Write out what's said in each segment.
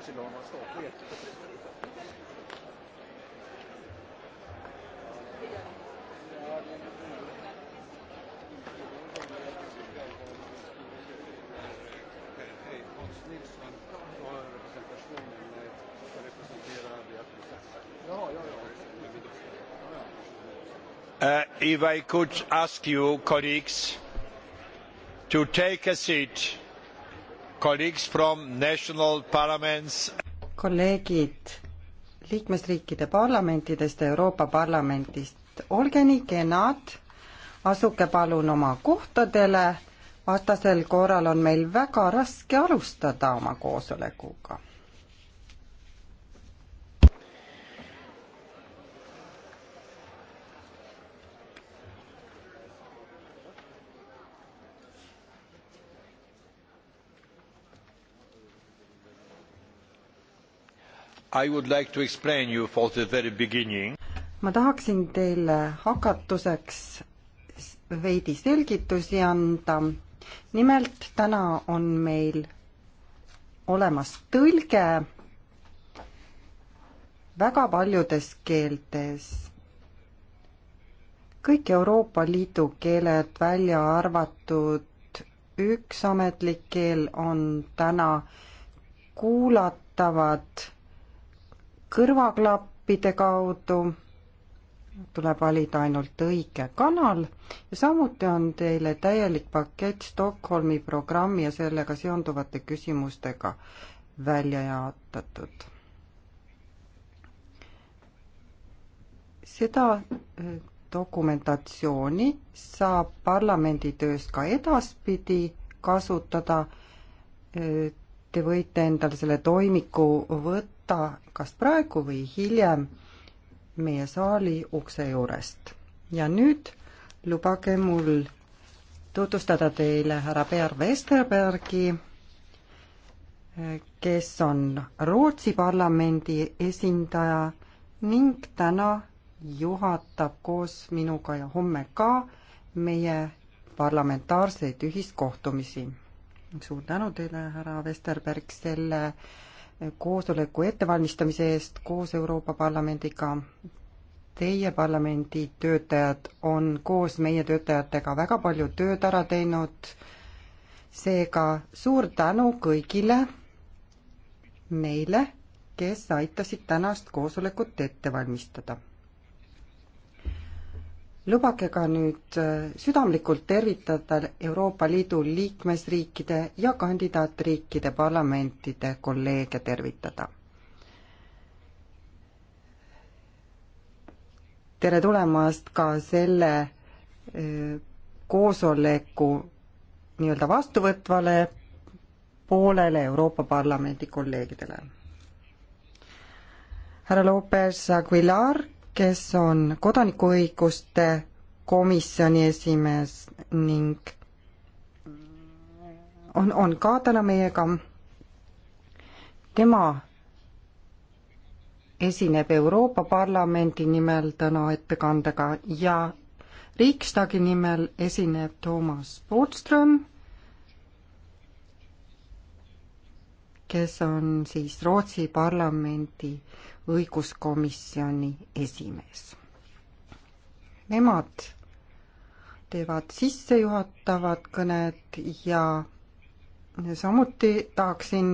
annars idag om man ståtlighet. Hans Nilsson har representationen ska representera Beatrice Ask. Ja, ja, ja. Uh, if I could ask you, colleagues, to take a seat kolleegid liikmesriikide parlamentidest ja Euroopa Parlamentist, olge nii kenad, asuge palun oma kohtadele, vastasel korral on meil väga raske alustada oma koosolekuga Like ma tahaksin teile hakatuseks veidi selgitusi anda. nimelt täna on meil olemas tõlge väga paljudes keeltes. kõik Euroopa Liidu keeled välja arvatud üks ametlik keel on täna kuulatavad kõrvaklappide kaudu, tuleb valida ainult õige kanal ja samuti on teile täielik pakett Stockholmi programmi ja sellega seonduvate küsimustega välja jaotatud. seda eh, dokumentatsiooni saab parlamendi töös ka edaspidi kasutada. Eh, te võite endale selle toimiku võtta ta kas praegu või hiljem meie saali ukse juurest. ja nüüd lubage mul tutvustada teile härra Per Westerbergi, kes on Rootsi parlamendi esindaja ning täna juhatab koos minuga ja homme ka meie parlamentaarseid ühiskohtumisi. suur tänu teile, härra Westerberg, selle äh, koosoleku ettevalmistamise eest koos Euroopa Parlamendiga. Teie parlamendi töötajad on koos meie töötajatega väga palju tööd ära teinud, seega suur tänu kõigile neile, kes aitasid tänast koosolekut ette valmistada lubage ka nüüd äh, südamlikult tervitada Euroopa Liidu liikmesriikide ja kandidaatriikide parlamentide kolleege tervitada. tere tulemast ka selle äh, koosoleku nii-öelda vastuvõtvale poolele Euroopa Parlamendi kolleegidele. härra Lopez Aguilar kes on kodanikuõiguste komisjoni esimees ning on, on ka täna meiega. tema esineb Euroopa Parlamendi nimel täna ettekandega ja Riksdagi nimel esineb Toomas Bodström, kes on siis Rootsi parlamendi õiguskomisjoni esimees. Nemad teevad sissejuhatavad kõned ja samuti tahaksin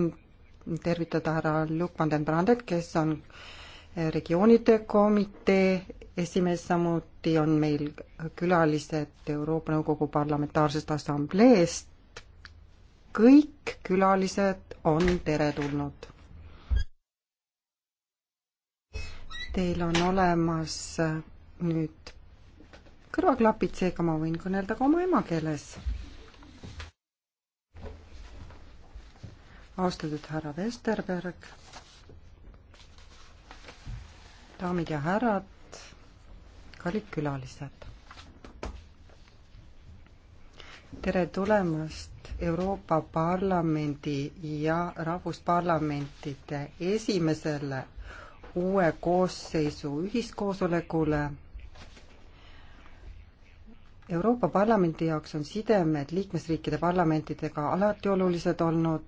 tervitada härra Luc van den Brandet, kes on regioonide komitee esimees, samuti on meil külalised Euroopa Nõukogu Parlamentaarsest Assambleest. kõik külalised on teretulnud Teil on olemas äh, nüüd kõrvaklapid, seega ma võin kõnelda ka oma emakeeles. austatud härra Vesterberg, daamid ja härrad, kallid külalised. tere tulemast Euroopa Parlamendi ja Rahvusparlamentide esimesele uue koosseisu ühiskoosolekule. Euroopa Parlamendi jaoks on sidemed liikmesriikide parlamentidega alati olulised olnud.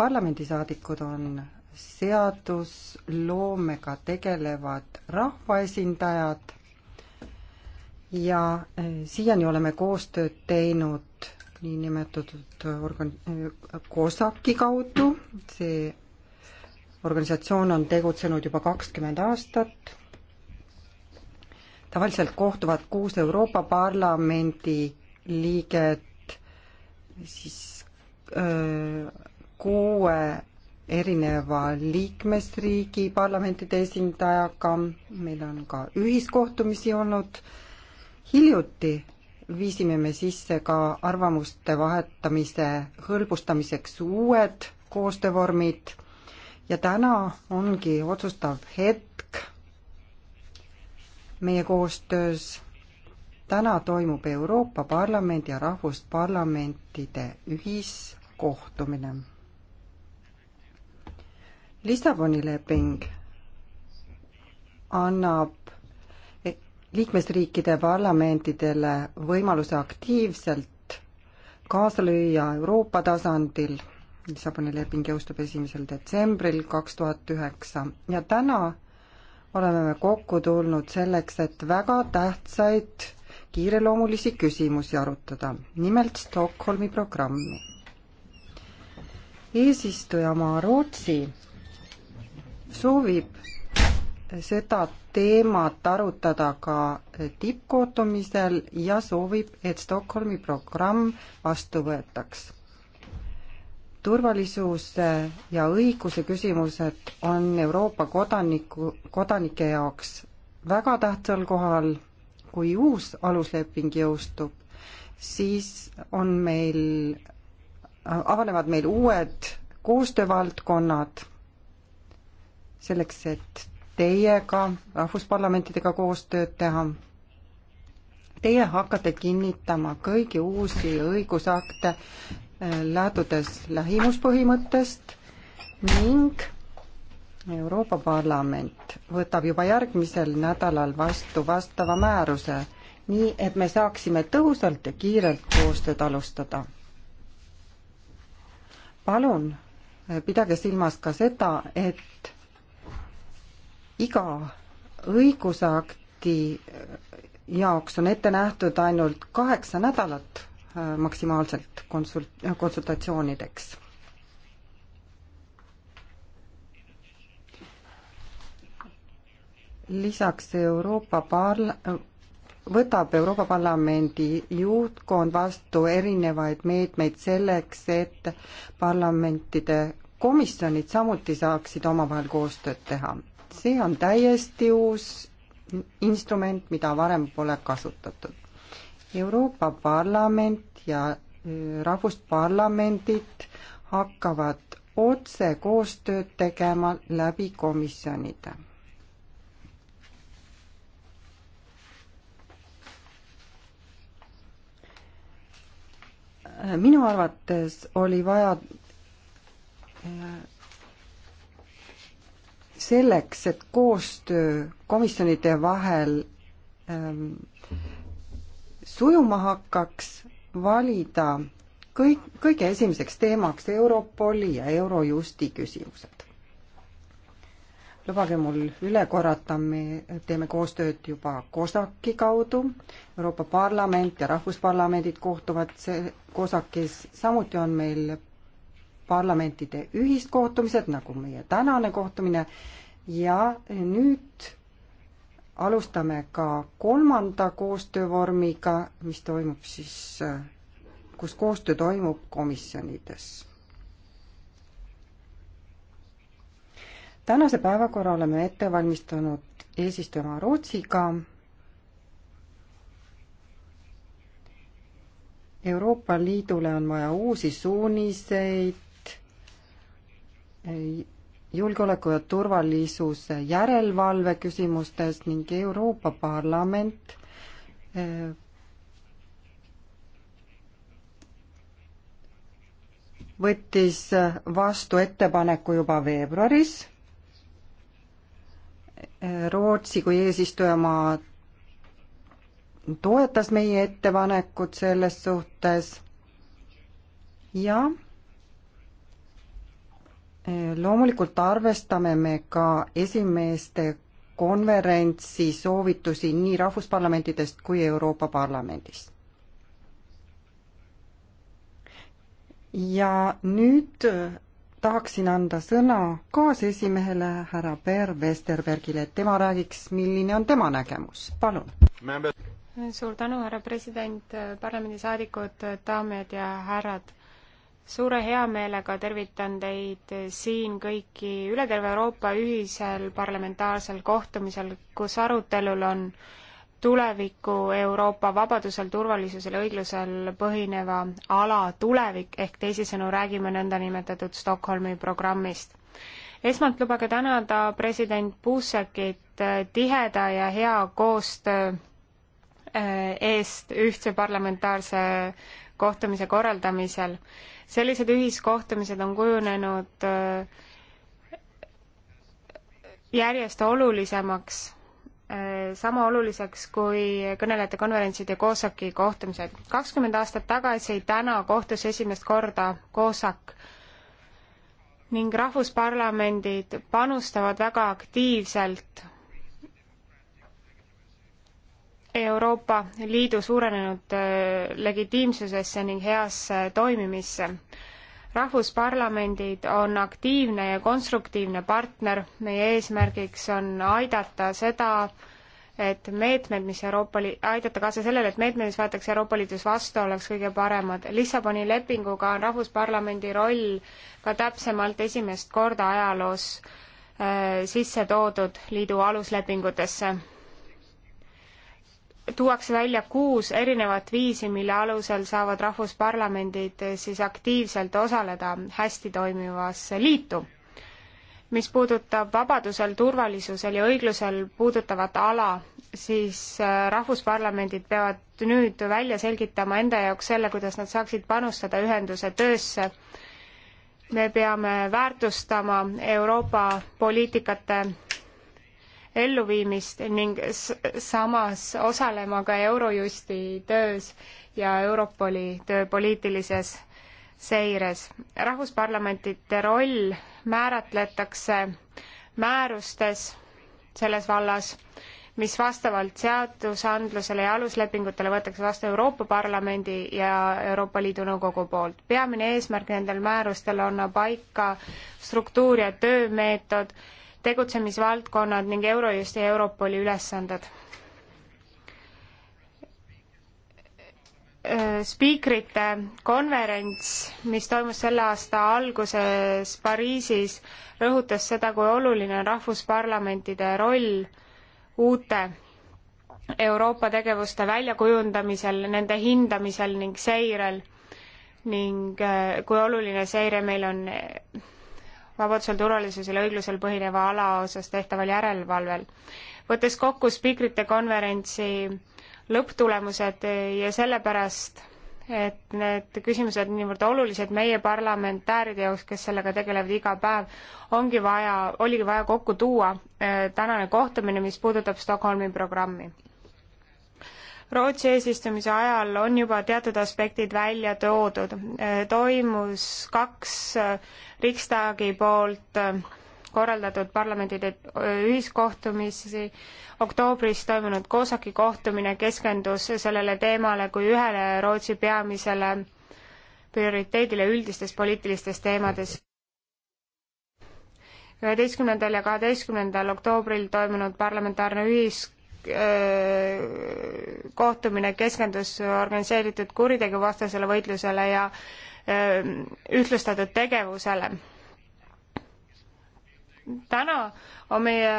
parlamendisaadikud on seadusloomega tegelevad rahvaesindajad ja eh, siiani oleme koostööd teinud niinimetatud organ-, COSAC-i kaudu, see organisatsioon on tegutsenud juba kakskümmend aastat, tavaliselt kohtuvad kuus Euroopa Parlamendi liiget siis öö, kuue erineva liikmesriigi parlamentide esindajaga, meil on ka ühiskohtumisi olnud, hiljuti viisime me sisse ka arvamuste vahetamise hõlbustamiseks uued koostöövormid ja täna ongi otsustav hetk meie koostöös. täna toimub Euroopa Parlamendi ja Rahvusparlamentide ühiskohtumine. Lissaboni leping annab liikmesriikide parlamentidele võimaluse aktiivselt kaasa lüüa Euroopa tasandil, Lissaboni leping jõustub esimesel detsembril kaks tuhat üheksa ja täna oleme me kokku tulnud selleks, et väga tähtsaid kiireloomulisi küsimusi arutada, nimelt Stockholmi programmi. eesistujamaa Rootsi soovib seda teemat arutada ka tippkohtumisel ja soovib, et Stockholmi programm vastu võetaks. turvalisuse ja õiguse küsimused on Euroopa kodaniku, kodanike jaoks väga tähtsal kohal, kui uus alusleping jõustub, siis on meil, avanevad meil uued koostöövaldkonnad selleks, et teiega, rahvusparlamentidega koostööd teha. Teie hakkate kinnitama kõigi uusi õigusakte, äh, lähtudes lähimuspõhimõttest ning Euroopa Parlament võtab juba järgmisel nädalal vastu vastava määruse, nii et me saaksime tõhusalt ja kiirelt koostööd alustada. palun äh, pidage silmas ka seda, et iga õigusakti jaoks on ette nähtud ainult kaheksa nädalat äh, maksimaalselt konsult-, äh, konsultatsioonideks lisaks Euroopa parl-, võtab Euroopa Parlamendi juhtkond vastu erinevaid meetmeid selleks, et parlamentide komisjonid samuti saaksid omavahel koostööd teha see on täiesti uus instrument, mida varem pole kasutatud. Euroopa Parlament ja äh, rahvusparlamendid hakkavad otse koostööd tegema läbi komisjonide. minu arvates oli vaja äh, selleks, et koostöö komisjonide vahel ähm, sujuma hakkaks, valida kõik, kõige esimeseks teemaks Europoli ja Eurojusti küsimused. lubage mul üle korrata, me teeme koostööd juba COSAC-i kaudu, Euroopa Parlament ja rahvusparlamendid kohtuvad see COSAC-is, samuti on meil parlamentide ühist kohtumised, nagu meie tänane kohtumine ja nüüd alustame ka kolmanda koostöövormiga, mis toimub siis, kus koostöö toimub komisjonides. tänase päevakorra oleme ette valmistanud eesistujamaa Rootsiga Euroopa Liidule on vaja uusi suuniseid, julgeoleku ja turvalisuse järelevalve küsimustes ning Euroopa Parlament eh, võttis vastu ettepaneku juba veebruaris. Rootsi kui eesistujamaa toetas meie ettepanekut selles suhtes ja loomulikult arvestame me ka esimeeste konverentsi soovitusi nii rahvusparlamentidest kui Euroopa Parlamendist. ja nüüd tahaksin anda sõna kaasesimehele härra Per Vesterbergile, et tema räägiks, milline on tema nägemus, palun. suur tänu, härra president, parlamendisaadikud, daamid ja härrad suure heameelega tervitan teid siin kõiki üle terve Euroopa ühisel parlamentaarsel kohtumisel, kus arutelul on tuleviku Euroopa vabadusel, turvalisusel ja õiglusel põhineva ala tulevik, ehk teisisõnu räägime nõndanimetatud Stockholmi programmist. esmalt lubage tänada president Buzekit äh, tiheda ja hea koostöö äh, eest ühtse parlamentaarse kohtumise korraldamisel sellised ühiskohtumised on kujunenud äh, järjest olulisemaks, äh, sama oluliseks kui kõnelejate konverentsid ja COSAC-i kohtumised. kakskümmend aastat tagasi täna kohtus esimest korda COSAC ning rahvusparlamendid panustavad väga aktiivselt Euroopa Liidu suurenenud äh, legitiimsusesse ning heasse toimimisse. rahvusparlamendid on aktiivne ja konstruktiivne partner, meie eesmärgiks on aidata seda, et meetmed, mis Euroopa Liit, aidata kaasa sellele, et meetmed, mis võetakse Euroopa Liidus vastu, oleks kõige paremad. Lissaboni lepinguga on Rahvusparlamendi roll ka täpsemalt esimest korda ajaloos äh, sisse toodud liidu aluslepingutesse tuuakse välja kuus erinevat viisi, mille alusel saavad rahvusparlamendid eh, siis aktiivselt osaleda hästi toimivasse liitu. mis puudutab vabadusel, turvalisusel ja õiglusel puudutavat ala, siis eh, rahvusparlamendid peavad nüüd välja selgitama enda jaoks selle, kuidas nad saaksid panustada ühenduse töösse. me peame väärtustama Euroopa poliitikate elluviimist ning samas osalema ka Eurojusti töös ja Europoli töö poliitilises seires. rahvusparlamentide roll määratletakse määrustes selles vallas, mis vastavalt seadusandlusele ja aluslepingutele võetakse vastu Euroopa Parlamendi ja Euroopa Liidu Nõukogu poolt. peamine eesmärk nendel määrustel on paika struktuur ja töömeetod, tegutsemisvaldkonnad ning Eurojust ja Europoli ülesanded. Äh, spiikrite konverents, mis toimus selle aasta alguses Pariisis, rõhutas seda, kui oluline on rahvusparlamentide roll uute Euroopa tegevuste väljakujundamisel, nende hindamisel ning seirel ning äh, kui oluline seire meil on vabadusel, turvalisusel ja õiglusel põhineva ala osas tehtaval järelevalvel. võttes kokku spiikrite konverentsi lõpptulemused ja sellepärast, et need küsimused on niivõrd olulised meie parlamentääride jaoks, kes sellega tegelevad iga päev, ongi vaja, oligi vaja kokku tuua eh, tänane kohtumine, mis puudutab Stockholmi programmi Rootsi eesistumise ajal on juba teatud aspektid välja toodud. toimus kaks äh, Riksdagi poolt äh, korraldatud parlamendide äh, ühiskohtumisi, oktoobris toimunud Kosaki kohtumine keskendus sellele teemale kui ühele Rootsi peamisele prioriteedile üldistes poliitilistes teemades. üheteistkümnendal ja kaheteistkümnendal oktoobril toimunud parlamentaarne ühis-, Äh, kohtumine keskendus organiseeritud kuritegevastasele võitlusele ja äh, ühtlustatud tegevusele. täna on meie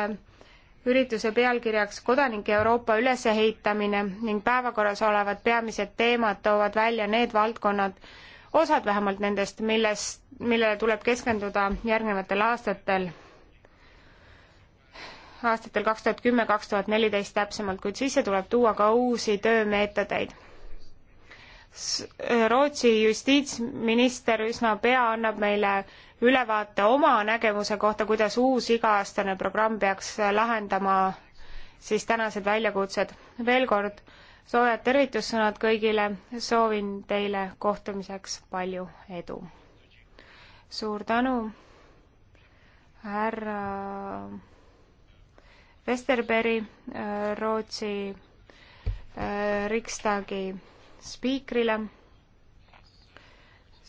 ürituse pealkirjaks Kodanike Euroopa ülesehitamine ning päevakorras olevad peamised teemad toovad välja need valdkonnad, osad vähemalt nendest, millest, millele tuleb keskenduda järgnevatel aastatel aastatel kaks tuhat kümme, kaks tuhat neliteist täpsemalt, kuid sisse tuleb tuua ka uusi töömeetodeid. Rootsi justiitsminister üsna pea annab meile ülevaate oma nägemuse kohta, kuidas uus iga-aastane programm peaks lahendama siis tänased väljakutsed. veel kord soojad tervitussõnad kõigile, soovin teile kohtumiseks palju edu. suur tänu, härra Vesterberg, äh, Rootsi äh, Riksdagi spiikrile.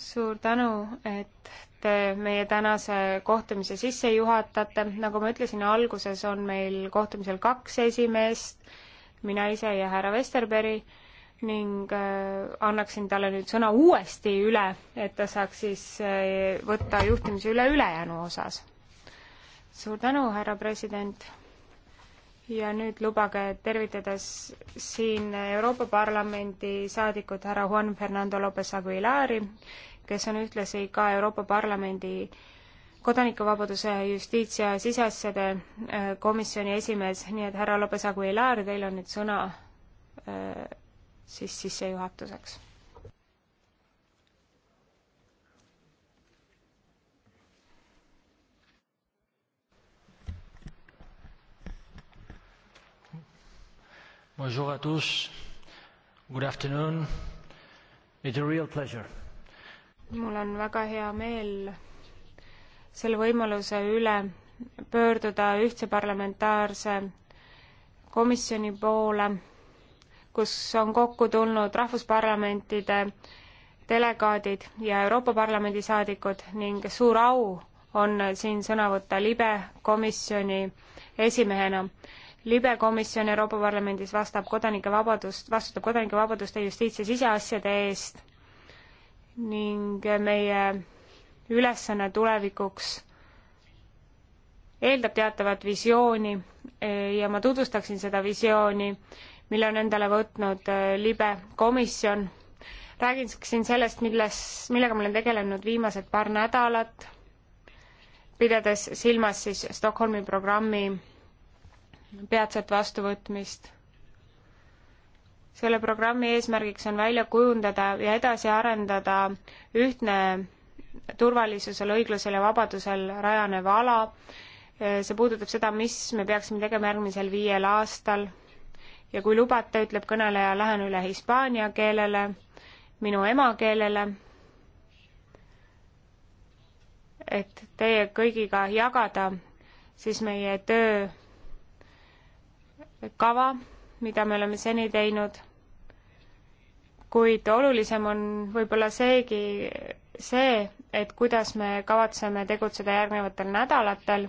suur tänu, et te meie tänase kohtumise sisse juhatate. nagu ma ütlesin alguses, on meil kohtumisel kaks esimeest, mina ise ja härra Vesterberg ning äh, annaksin talle nüüd sõna uuesti üle, et ta saaks siis võtta juhtimise üle ülejäänu osas. suur tänu, härra president ja nüüd lubage tervitada siin Euroopa Parlamendi saadikut härra Juan Fernando Lopez Aguilari, kes on ühtlasi ka Euroopa Parlamendi kodanikuvabaduse, justiits- ja siseasjade äh, komisjoni esimees, nii et härra Lopez Aguilar, teil on nüüd sõna äh, siis sissejuhatuseks Bonjour à tous. Good afternoon. It's a real pleasure. mul on väga hea meel selle võimaluse üle pöörduda ühtse parlamentaarse komisjoni poole, kus on kokku tulnud rahvusparlamentide delegaadid ja Euroopa Parlamendi saadikud ning suur au on siin sõna võtta libe komisjoni esimehena libe komisjon Euroopa Parlamendis vastab kodanike vabadust, vastutab kodanike vabaduste justiits- ja siseasjade eest ning meie ülesanne tulevikuks eeldab teatavat visiooni ja ma tutvustaksin seda visiooni, mille on endale võtnud äh, libe komisjon. räägiksin sellest, milles, millega ma olen tegelenud viimased paar nädalat, pidades silmas siis Stockholmi programmi peatset vastuvõtmist. selle programmi eesmärgiks on välja kujundada ja edasi arendada ühtne turvalisusel, õiglusel ja vabadusel rajanev ala. see puudutab seda, mis me peaksime tegema järgmisel viiel aastal. ja kui lubate, ütleb kõneleja, lähen üle hispaania keelele, minu emakeelele. et teie kõigiga jagada siis meie töö kava, mida me oleme seni teinud, kuid olulisem on võib-olla seegi, see, et kuidas me kavatseme tegutseda järgnevatel nädalatel,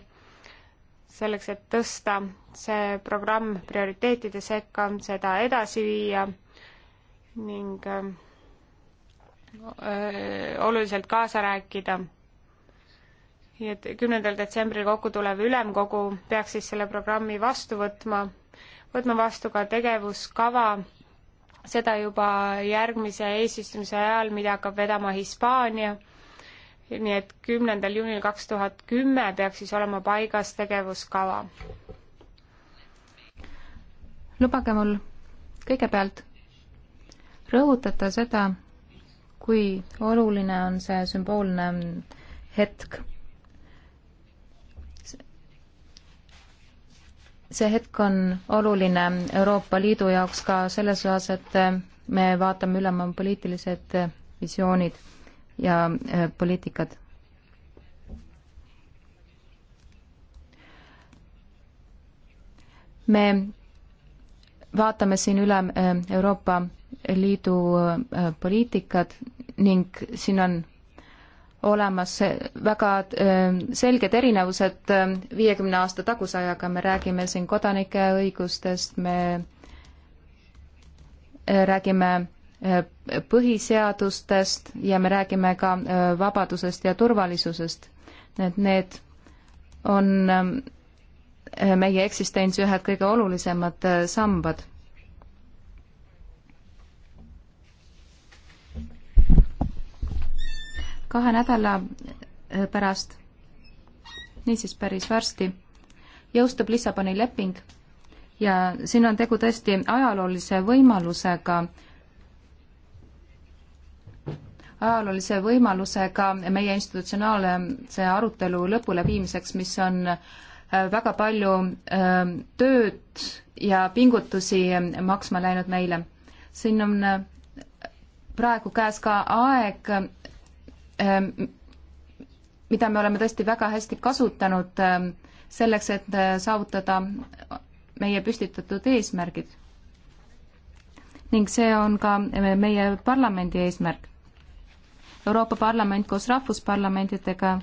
selleks et tõsta see programm prioriteetide sekka, seda edasi viia ning öö, äh, oluliselt kaasa rääkida nii et kümnendal detsembril kokku tulev ülemkogu peaks siis selle programmi vastu võtma võtma vastu ka tegevuskava, seda juba järgmise eesistumise ajal, mida hakkab vedama Hispaania. nii et kümnendal juunil kaks tuhat kümme peaks siis olema paigas tegevuskava. lubage mul kõigepealt rõhutada seda, kui oluline on see sümboolne hetk see hetk on oluline Euroopa Liidu jaoks ka selles osas, et äh, me vaatame üle oma poliitilised äh, visioonid ja äh, poliitikad. me vaatame siin üle Euroopa Liidu poliitikad ning siin on olemas väga ähm, selged erinevused ähm, viiekümne aasta taguse ajaga, me räägime siin kodanike õigustest, me äh, räägime äh, põhiseadustest ja me räägime ka äh, vabadusest ja turvalisusest. et need on ähm, meie eksistentsi ühed kõige olulisemad sambad kahe nädala äh, pärast, niisiis päris varsti, jõustub Lissaboni leping ja siin on tegu tõesti ajaloolise võimalusega, ajaloolise võimalusega meie institutsionaalse arutelu lõpule viimiseks, mis on äh, väga palju äh, tööd ja pingutusi maksma läinud meile. siin on praegu käes ka aeg Ähm, mida me oleme tõesti väga hästi kasutanud ähm, selleks, et äh, saavutada meie püstitatud eesmärgid. ning see on ka äh, meie parlamendi eesmärk. Euroopa Parlament koos rahvusparlamentidega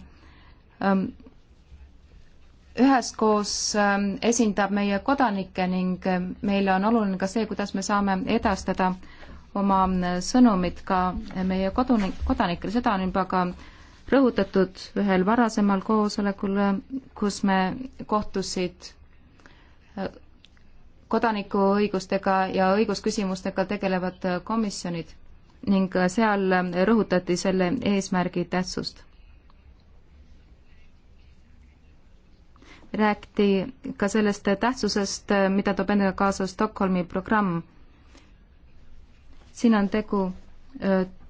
ähm, üheskoos esindab meie kodanikke ning äh, meile on oluline ka see, kuidas me saame edastada oma sõnumit ka meie kodunik, kodanikele, seda on juba ka rõhutatud ühel varasemal koosolekul, kus me kohtusid äh, kodanikuõigustega ja õigusküsimustega tegelevad komisjonid ning seal rõhutati selle eesmärgi tähtsust. räägiti ka sellest tähtsusest, mida toob endaga kaasa Stockholmi programm siin on tegu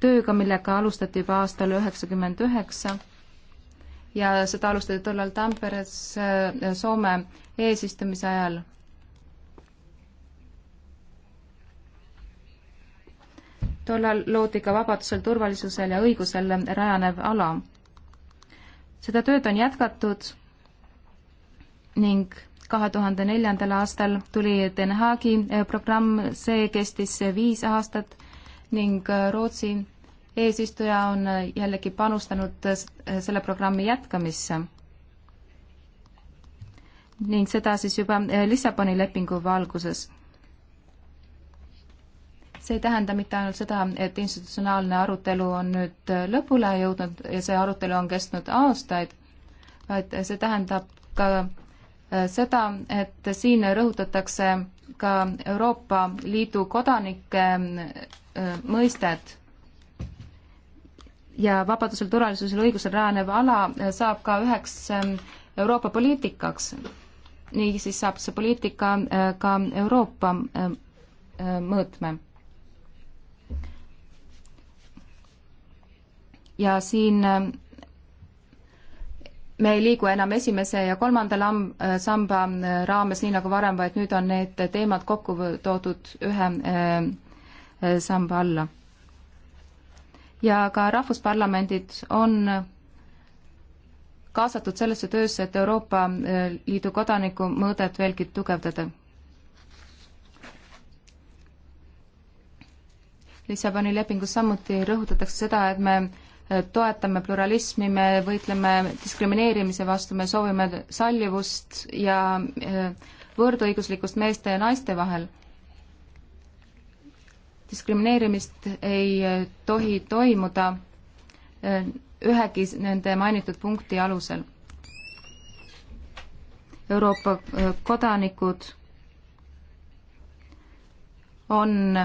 tööga, millega alustati juba aastal üheksakümmend üheksa ja seda alustati tollal Tamperes Soome eesistumise ajal. tollal loodi ka vabadusel, turvalisusel ja õigusel rajanev ala. seda tööd on jätkatud ning kahe tuhande neljandal aastal tuli Den Haagi eh, programm, see kestis eh, viis aastat ning eh, Rootsi eesistuja on jällegi panustanud selle programmi jätkamisse. ning seda siis juba Lissaboni lepingu valguses. see ei tähenda mitte ainult seda, et institutsionaalne arutelu on nüüd lõpule jõudnud ja see arutelu on kestnud aastaid, vaid see tähendab ka Äh, seda, et siin rõhutatakse ka Euroopa Liidu kodanike äh, mõistet ja vabadusel, turvalisusel, õigusel rajanev ala äh, saab ka üheks Euroopa poliitikaks. niisiis saab see poliitika ka Euroopa mõõtme. ja siin me ei liigu enam esimese ja kolmanda lamb, äh, samba äh, raames, nii nagu varem, vaid nüüd on need teemad kokku toodud ühe äh, samba alla. ja ka rahvusparlamendid on kaasatud sellesse töösse, et Euroopa Liidu kodaniku mõõdet veelgi tugevdada. Lissaboni lepingus samuti rõhutatakse seda, et me toetame pluralismi, me võitleme diskrimineerimise vastu, me soovime sallivust ja eh, võrdõiguslikkust meeste ja naiste vahel. diskrimineerimist ei eh, tohi toimuda eh, ühegi nende mainitud punkti alusel. Euroopa kodanikud on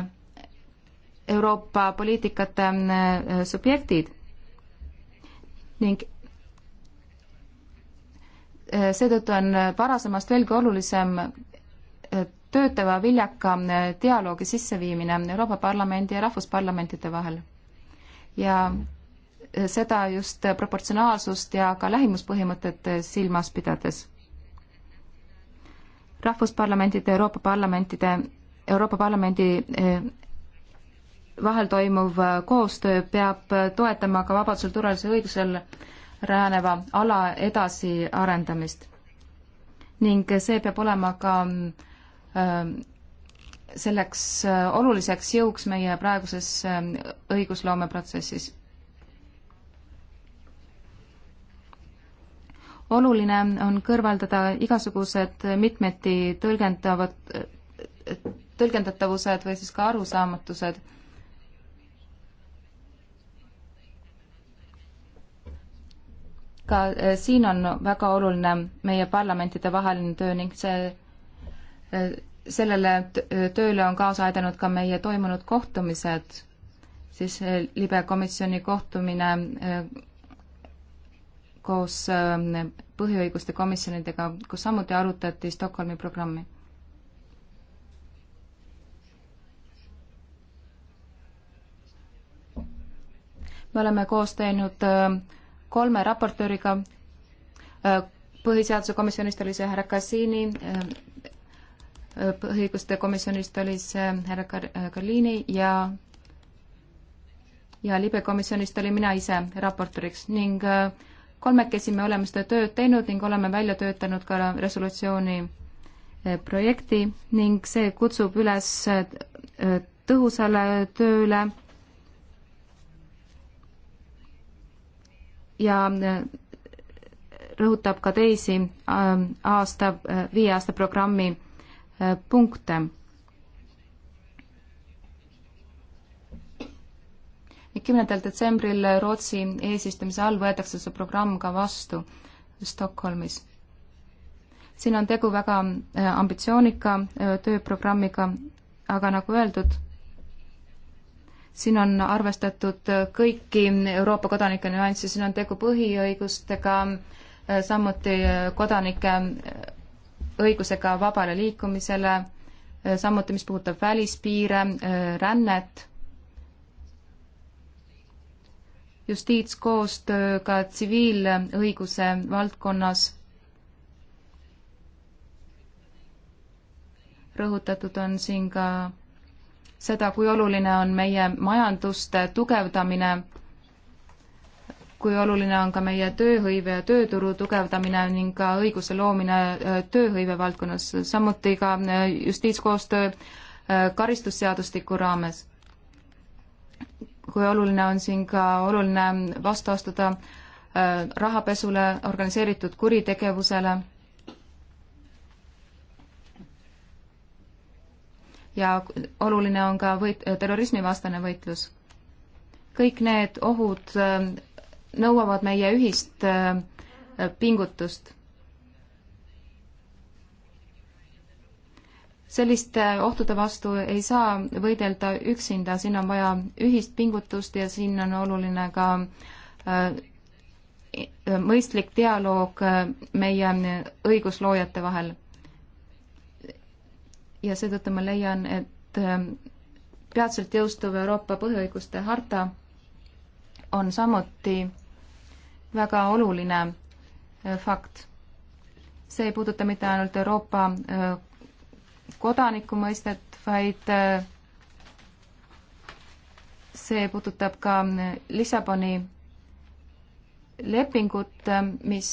Euroopa poliitikate subjektid ning äh, seetõttu on varasemast veelgi olulisem äh, töötava viljaka äh, dialoogi sisseviimine Euroopa Parlamendi ja rahvusparlamentide vahel. ja seda just proportsionaalsust ja ka lähimuspõhimõtet silmas pidades. rahvusparlamentide, Euroopa Parlamentide, Euroopa Parlamendi vahel toimuv äh, koostöö peab äh, toetama ka vabadusel, turvalisel õigusel rääneva ala edasiarendamist. ning see peab olema ka ähm, selleks äh, oluliseks jõuks meie praeguses õigusloomeprotsessis. oluline on kõrvaldada igasugused mitmeti tõlgendavad, tõlgendatavused või siis ka arusaamatused ka äh, siin on väga oluline meie parlamentide vaheline töö ning see, äh, sellele äh, tööle on kaasa aidanud ka meie toimunud kohtumised, siis libe komisjoni kohtumine koos põhiõiguste komisjonidega, kus samuti arutati Stockholmi programmi. me oleme koos teinud äh, kolme raportööriga. Äh, põhiseaduse komisjonist oli see härra Kassini, äh, põhiõiguste komisjonist oli see härra Karliini äh, ja ja libekomisjonist olin mina ise raportööriks ning kolmekesi me oleme seda tööd teinud ning oleme välja töötanud ka resolutsiooni projekti ning see kutsub üles tõhusale tööle ja äh, rõhutab ka teisi äh, aasta, äh, viie aasta programmi punkte. kümnendal detsembril Rootsi eesistumise all võetakse see programm ka vastu Stockholmis. siin on tegu väga ambitsioonika tööprogrammiga, aga nagu öeldud siin on arvestatud kõiki Euroopa kodanike nüansse, siin on tegu põhiõigustega, samuti kodanike õigusega vabale liikumisele, samuti mis puudutab välispiire, rännet, justiitskoostööga tsiviilõiguse valdkonnas rõhutatud on siin ka seda, kui oluline on meie majanduste tugevdamine, kui oluline on ka meie tööhõive ja tööturu tugevdamine ning ka õiguse loomine äh, tööhõive valdkonnas, samuti ka äh, justiitskoostöö äh, karistusseadustiku raames. kui oluline on siin ka oluline vastu astuda rahapesule, organiseeritud kuritegevusele ja oluline on ka võit-, terrorismivastane võitlus. kõik need ohud äh, nõuavad meie ühist äh, pingutust. selliste äh, ohtude vastu ei saa võidelda üksinda, siin on vaja ühist pingutust ja siin on oluline ka mõistlik dialoog meie õigusloojate vahel ja seetõttu ma leian, et ähm, peatselt jõustuv Euroopa põhiõiguste harta on samuti väga oluline äh, fakt. see ei puuduta mitte ainult Euroopa äh, kodaniku mõistet, vaid äh, see puudutab ka Lissaboni lepingut, mis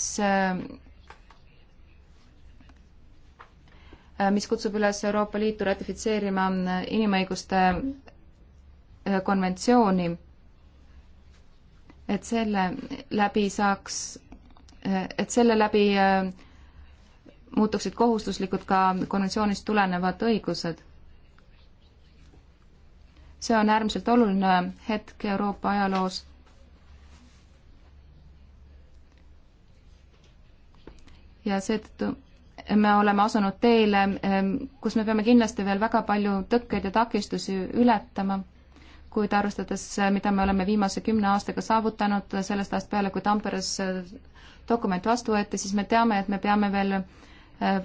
Äh, mis kutsub üles Euroopa Liitu ratifitseerima äh, inimõiguste äh, konventsiooni, et selle läbi saaks, et selle läbi muutuksid kohustuslikud ka konventsioonist tulenevad õigused. see on äärmiselt oluline hetk Euroopa ajaloos. ja seetõttu me oleme asunud teele, ehm, kus me peame kindlasti veel väga palju tõkkeid ja takistusi ületama, kuid arvestades, mida me oleme viimase kümne aastaga saavutanud sellest ajast peale, kui Tamperes eh, dokument vastu võeti, siis me teame, et me peame veel eh, eh,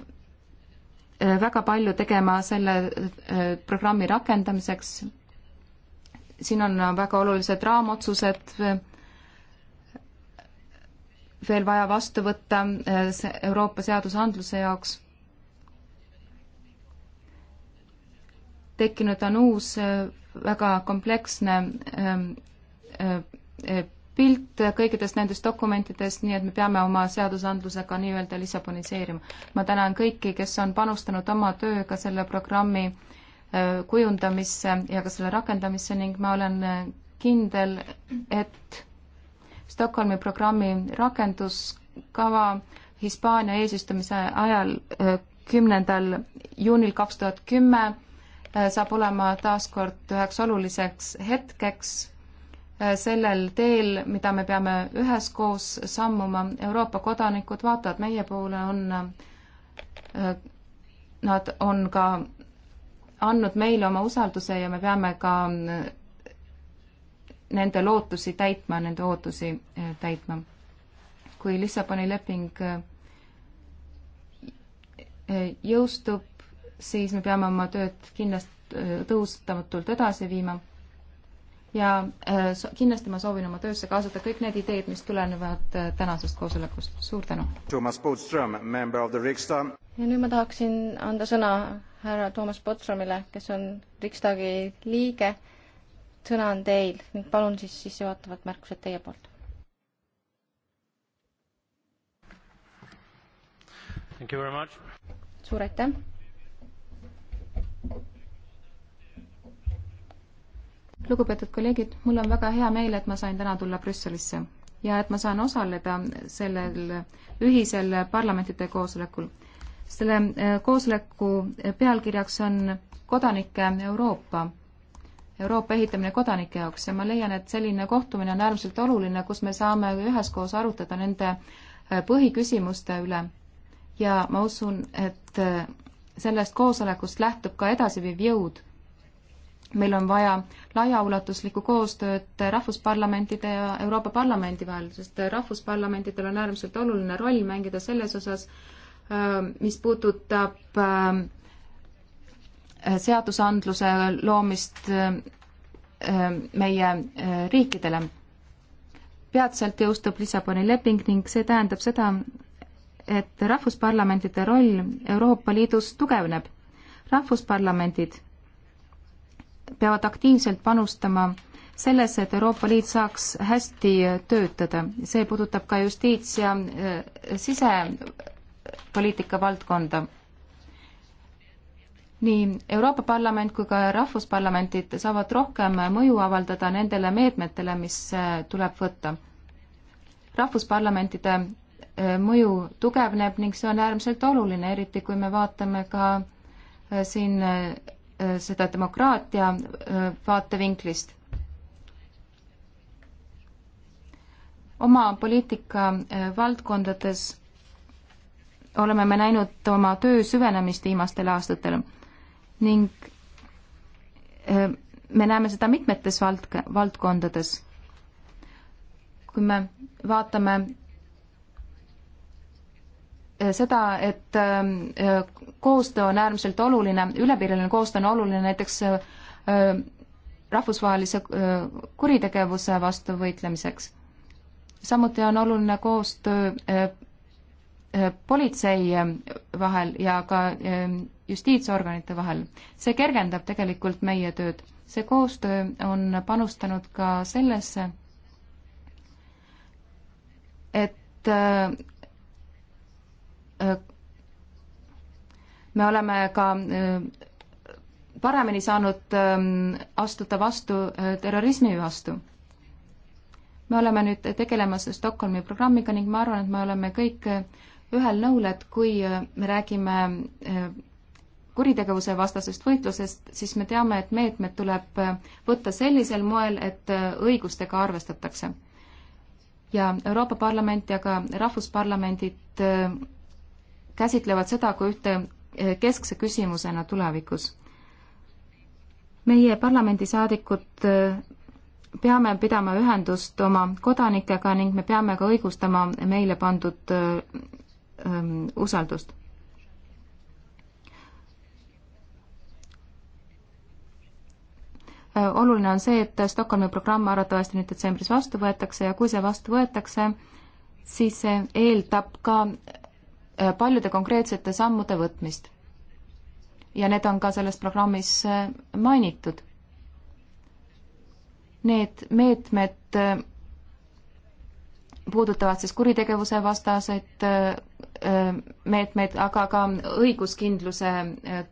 väga palju tegema selle programmi rakendamiseks. siin on väga olulised raamotsused, veel vaja vastu võtta äh, Euroopa seadusandluse jaoks. tekkinud on uus äh, väga kompleksne ähm, äh, pilt kõikidest nendest dokumentidest, nii et me peame oma seadusandlusega nii-öelda lissaboniseerima. ma tänan kõiki, kes on panustanud oma tööga selle programmi kujundamisse ja ka selle rakendamisse ning ma olen kindel, et Stockholmi programmi rakenduskava Hispaania eesistumise ajal äh, kümnendal juunil kaks tuhat kümme äh, saab olema taaskord üheks oluliseks hetkeks äh, sellel teel, mida me peame üheskoos sammuma. Euroopa kodanikud vaatavad meie poole, on, nad on ka andnud meile oma usalduse ja me peame ka nende lootusi täitma, nende ootusi eh, täitma. kui Lissaboni leping eh, eh, jõustub, siis me peame oma tööd kindlasti tõhustamatult edasi viima ja kindlasti ma soovin oma töösse kaasata kõik need ideed, mis tulenevad tänasest koosolekust. suur tänu! ja nüüd ma tahaksin anda sõna härra Toomas Potstromile, kes on Riksdagi liige sõna on teil ning palun siis sissejuhatavad märkused teie poolt. suur aitäh. lugupeetud kolleegid, mul on väga hea meel, et ma sain täna tulla Brüsselisse ja et ma saan osaleda sellel ühisel parlamentide koosolekul. selle eh, koosoleku pealkirjaks on kodanike Euroopa Euroopa ehitamine kodanike jaoks ja ma leian, et selline kohtumine on äärmiselt oluline, kus me saame üheskoos arutada nende äh, põhiküsimuste üle. ja ma usun, et äh, sellest koosolekust lähtub ka edasiviiv jõud. meil on vaja laiaulatuslikku koostööd rahvusparlamentide ja Euroopa Parlamendi vahel, sest rahvusparlamentidel on äärmiselt oluline roll mängida selles osas, äh, mis puudutab Äh, seadusandluse loomist äh, äh, meie riikidele. peatselt jõustub Lissaboni leping ning see tähendab seda, et rahvusparlamentide roll Euroopa Liidus tugevneb. rahvusparlamendid peavad aktiivselt panustama selles, et Euroopa Liit saaks hästi töötada. see puudutab ka justiits- ja sisepoliitika valdkonda nii Euroopa Parlament kui ka rahvusparlamendid saavad rohkem mõju avaldada nendele meetmetele, mis äh, tuleb võtta. rahvusparlamentide äh, mõju tugevneb ning see on äärmiselt oluline, eriti kui me vaatame ka äh, siin seda demokraatia vaatevinklist. oma poliitika valdkondades oleme me näinud oma töö süvenemist viimastel aastatel ning äh, me näeme seda mitmetes vald-, valdkondades. kui me vaatame äh, seda, et äh, koostöö on äärmiselt oluline, ülepiiriline koostöö on oluline näiteks rahvusvahelise kuritegevuse vastu võitlemiseks. samuti on oluline koostöö politsei vahel ja ka justiitsorganite vahel. see kergendab tegelikult meie tööd. see koostöö on panustanud ka sellesse, et äh, me oleme ka äh, paremini saanud ähm, astuda vastu äh, terrorismi vastu me oleme nüüd tegelemas Stockholmi programmiga ning ma arvan, et me oleme kõik ühel nõul, et kui me räägime kuritegevuse vastasest võitlusest, siis me teame, et meetmed tuleb võtta sellisel moel, et õigustega arvestatakse. ja Euroopa Parlament ja ka rahvusparlamendid äh, käsitlevad seda kui ühte äh, keskse küsimusena tulevikus. meie parlamendisaadikud äh, peame pidama ühendust oma kodanikega ning me peame ka õigustama meile pandud ähm, usaldust. oluline on see, et Stockholmi programm arvatavasti nüüd detsembris vastu võetakse ja kui see vastu võetakse, siis see eeldab ka äh, paljude konkreetsete sammude võtmist. ja need on ka selles programmis äh, mainitud. Need meetmed äh, puudutavad siis kuritegevuse vastaseid meetmeid, aga ka õiguskindluse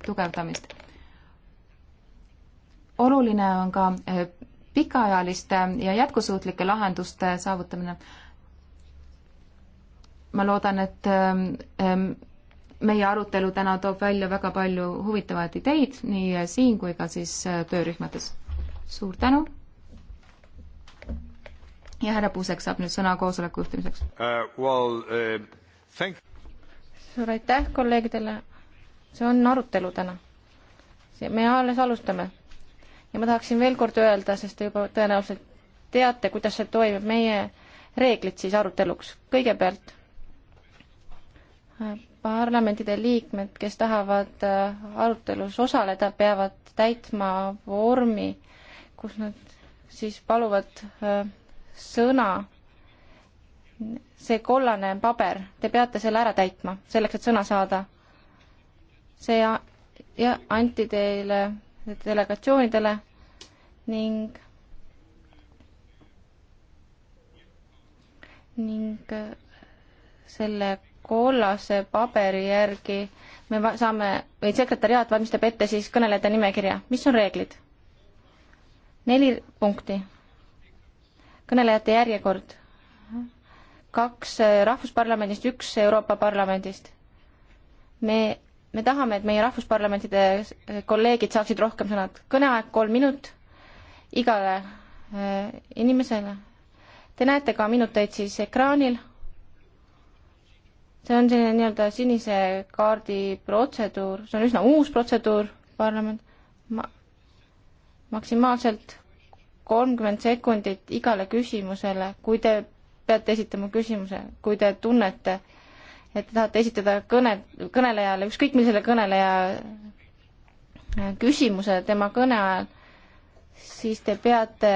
tugevdamist oluline on ka eh, pikaajaliste ja jätkusuutlike lahenduste saavutamine. ma loodan, et eh, meie arutelu täna toob välja väga palju huvitavaid ideid nii siin kui ka siis eh, töörühmades. suur tänu! ja härra Puusek saab nüüd sõna koosoleku juhtimiseks uh,. Well, uh, suur aitäh kolleegidele, see on arutelu täna. me alles alustame ja ma tahaksin veel kord öelda, sest te juba tõenäoliselt teate, kuidas see toimub, meie reeglid siis aruteluks. kõigepealt äh, parlamentide liikmed, kes tahavad äh, arutelus osaleda, peavad täitma vormi, kus nad siis paluvad äh, sõna. see kollane paber, te peate selle ära täitma, selleks et sõna saada. see ja anti teile delegatsioonidele ning ning äh, selle kollase paberi järgi me saame, või sekretäriaat valmistab ette siis kõnelejate nimekirja. mis on reeglid? neli punkti. kõnelejate järjekord. kaks äh, Rahvusparlamendist, üks Euroopa Parlamendist. me me tahame, et meie rahvusparlamentide kolleegid saaksid rohkem sõna. kõneaeg kolm minut igale äh, inimesele. Te näete ka minuteid siis ekraanil. see on selline nii-öelda sinise kaardi protseduur, see on üsna uus protseduur, parlament ma-, maksimaalselt kolmkümmend sekundit igale küsimusele, kui te peate esitama küsimuse, kui te tunnete, et te tahate esitada kõne, kõnelejale, ükskõik millisele kõneleja küsimuse tema kõne ajal, siis te peate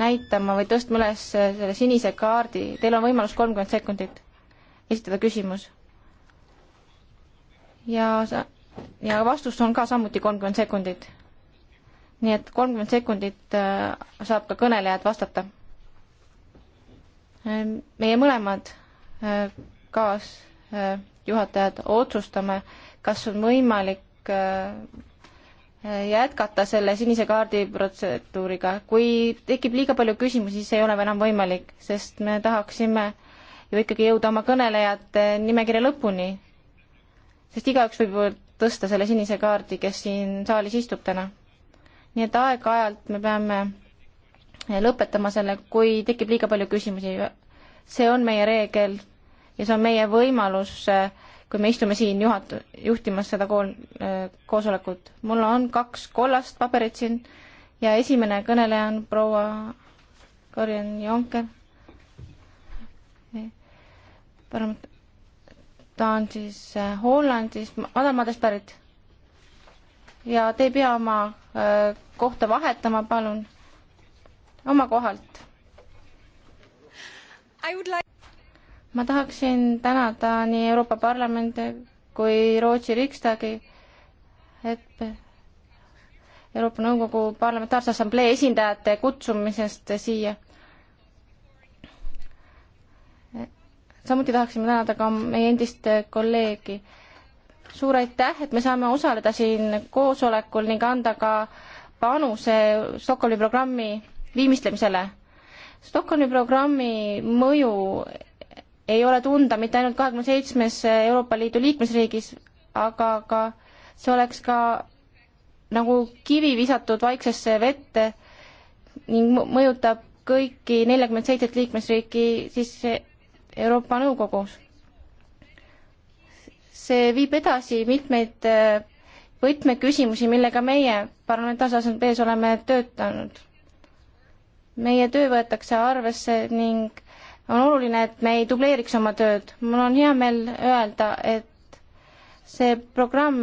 näitama või tõstma üles selle sinise kaardi, teil on võimalus kolmkümmend sekundit esitada küsimus. ja sa, ja vastus on ka samuti kolmkümmend sekundit. nii et kolmkümmend sekundit äh, saab ka kõnelejad vastata. Äh, meie mõlemad äh, kaasjuhatajad äh, otsustame, kas on võimalik äh, äh, jätkata selle sinise kaardi protseduuriga. kui tekib liiga palju küsimusi, siis ei ole enam võimalik, sest me tahaksime ju ikkagi jõuda oma kõnelejate nimekirja lõpuni. sest igaüks võib tõsta selle sinise kaardi, kes siin saalis istub täna. nii et aeg-ajalt me peame lõpetama selle, kui tekib liiga palju küsimusi. see on meie reegel ja see on meie võimalus, kui me istume siin juhat-, juhtimas seda kool-, koosolekut. mul on kaks kollast paberit siin ja esimene kõneleja on proua Karin Jonker. parem, ta on siis äh, Hollandist, madalamadest pärit. ja te ei pea oma äh, kohta vahetama, palun, oma kohalt ma tahaksin tänada nii Euroopa Parlamenti kui Rootsi Riksdagi, et Euroopa Nõukogu Parlamentaarse Assamblee esindajate kutsumisest siia. samuti tahaksime tänada ka meie endist kolleegi. suur aitäh, et me saame osaleda siin koosolekul ning anda ka panuse Stockholmi programmi viimistlemisele. Stockholmi programmi mõju ei ole tunda mitte ainult kahekümne seitsmes Euroopa Liidu liikmesriigis, aga ka see oleks ka nagu kivi visatud vaiksesse vette ning mõjutab kõiki neljakümmet seitset liikmesriiki siis Euroopa Nõukogus. see viib edasi mitmeid äh, võtmeküsimusi, millega meie parlamentaarse assamblees oleme töötanud. meie töö võetakse arvesse ning on oluline, et me ei dubleeriks oma tööd. mul on hea meel öelda, et see programm,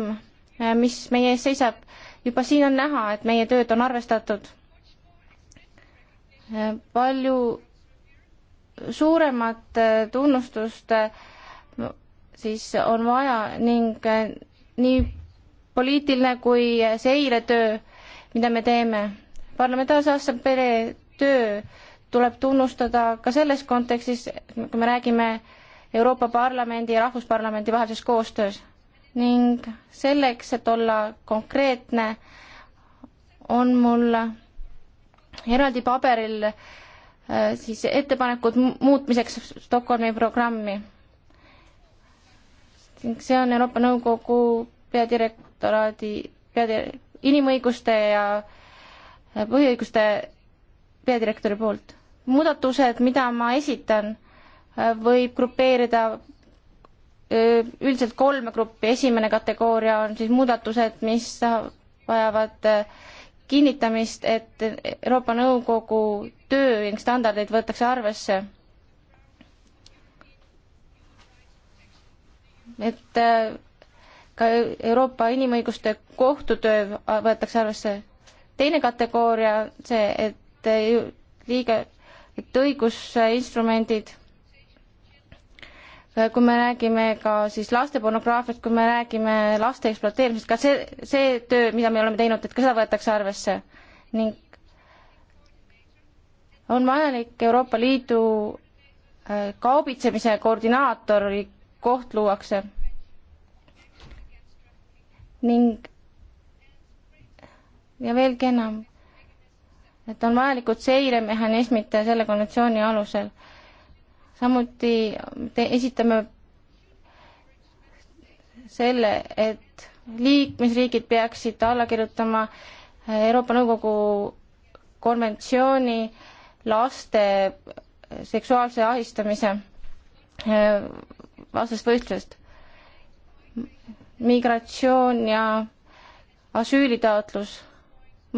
äh, mis meie ees seisab, juba siin on näha, et meie tööd on arvestatud. Äh, palju suuremat äh, tunnustust siis on vaja ning nii poliitiline kui seiretöö, mida me teeme. parlamentaarse assamblee töö tuleb tunnustada ka selles kontekstis, kui me räägime Euroopa Parlamendi ja Rahvusparlamendi vahelises koostöös ning selleks, et olla konkreetne, on mul eraldi paberil äh, siis ettepanekud muutmiseks Stockholmi programmi. see on Euroopa Nõukogu peadirektoraadi, peadire-, inimõiguste ja põhiõiguste peadirektori poolt. muudatused, mida ma esitan, äh, võib grupeerida äh, üldiselt kolme gruppi, esimene kategooria on siis muudatused, mis vajavad äh, kinnitamist, et Euroopa Nõukogu töö ning standardeid võetakse arvesse. et ka Euroopa Inimõiguste Kohtu töö võetakse arvesse. teine kategooria on see, et et liige, et õigusinstrumendid, kui me räägime ka siis laste pornograafiast, kui me räägime laste ekspluateerimisest, ka see, see töö, mida me oleme teinud, et ka seda võetakse arvesse ning on vajalik Euroopa Liidu äh, kaubitsemise koordinaatori koht luuakse ning ja veelgi enam et on vajalikud seiremehhanismid selle konventsiooni alusel. samuti te esitame selle, et liikmesriigid peaksid alla kirjutama Euroopa Nõukogu konventsiooni laste seksuaalse ahistamise äh, vastasest võistlusest. migratsioon ja asüülitaotlus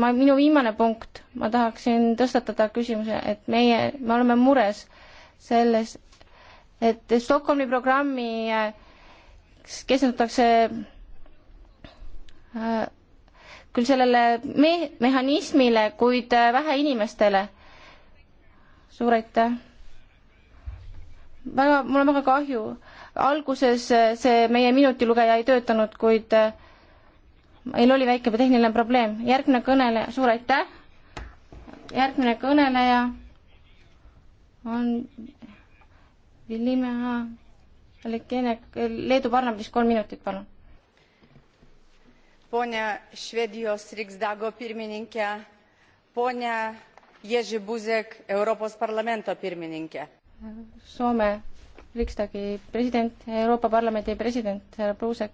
ma, minu viimane punkt, ma tahaksin tõstatada küsimuse, et meie, me oleme mures selles, et Stockholmi programmi äh, keskendutakse äh, küll sellele me-, mehhanismile, kuid äh, vähe inimestele. suur aitäh! väga, mul on väga kahju. alguses see meie minutilugeja ei töötanud, kuid äh, meil oli väike tehniline probleem. järgmine kõneleja, suur aitäh. järgmine kõneleja on Villima Lekenek, Leedu parlamendis kolm minutit, palun. Pone Švedijos Riksdago pirmininke, pone Ježi Buzek, Euroopas Parlamento pirmininke. Soome Riksdagi president, Euroopa Parlamendi president, härra Buzek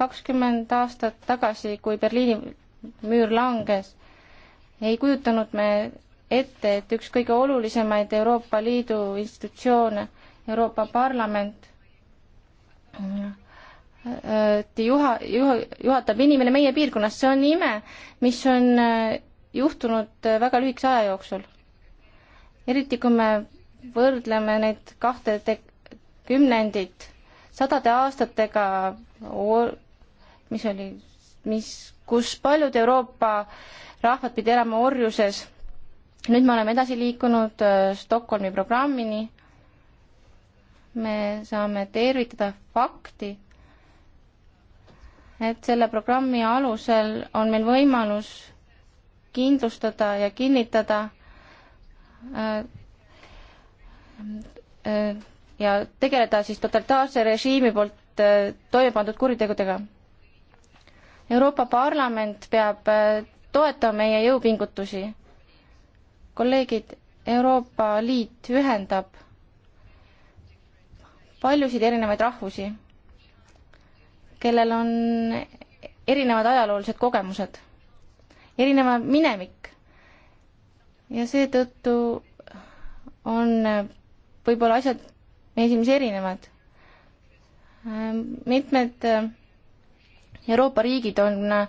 kakskümmend aastat tagasi, kui Berliini müür langes, ei kujutanud me ette, et üks kõige olulisemaid Euroopa Liidu institutsioone, Euroopa Parlament, et juha, juha, juhatab inimene meie piirkonnas, see on ime, mis on äh, juhtunud äh, väga lühikese aja jooksul. eriti, kui me võrdleme neid kahte te-, kümnendit sadade aastatega mis oli, mis, kus paljud Euroopa rahvad pidi elama orjuses. nüüd me oleme edasi liikunud äh, Stockholmi programmini. me saame tervitada fakti, et selle programmi alusel on meil võimalus kindlustada ja kinnitada äh, äh, ja tegeleda siis totalitaarse režiimi poolt toime pandud kuritegudega Euroopa Parlament peab äh, toetama meie jõupingutusi. kolleegid, Euroopa Liit ühendab paljusid erinevaid rahvusi, kellel on erinevad ajaloolised kogemused, erineva minevik. ja seetõttu on äh, võib-olla asjad meie silmis erinevad. Äh, mitmed Euroopa riigid on äh,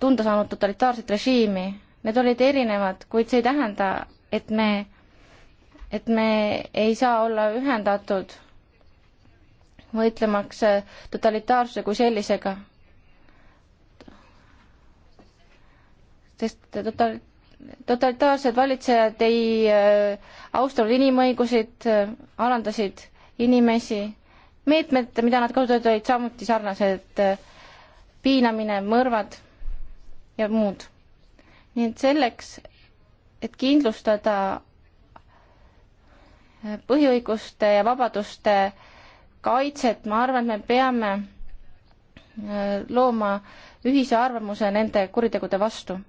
tunda saanud totalitaarset režiimi. Need olid erinevad, kuid see ei tähenda, et me, et me ei saa olla ühendatud võitlemaks äh, totalitaarsuse kui sellisega. sest total-, totalitaarsed valitsejad ei äh, austanud inimõigusid äh,, alandasid inimesi, meetmed, mida nad kasutasid, olid samuti sarnased äh, piinamine, mõrvad ja muud. nii et selleks, et kindlustada äh, põhiõiguste ja vabaduste kaitset, ma arvan, et me peame äh, looma ühise arvamuse nende kuritegude vastu.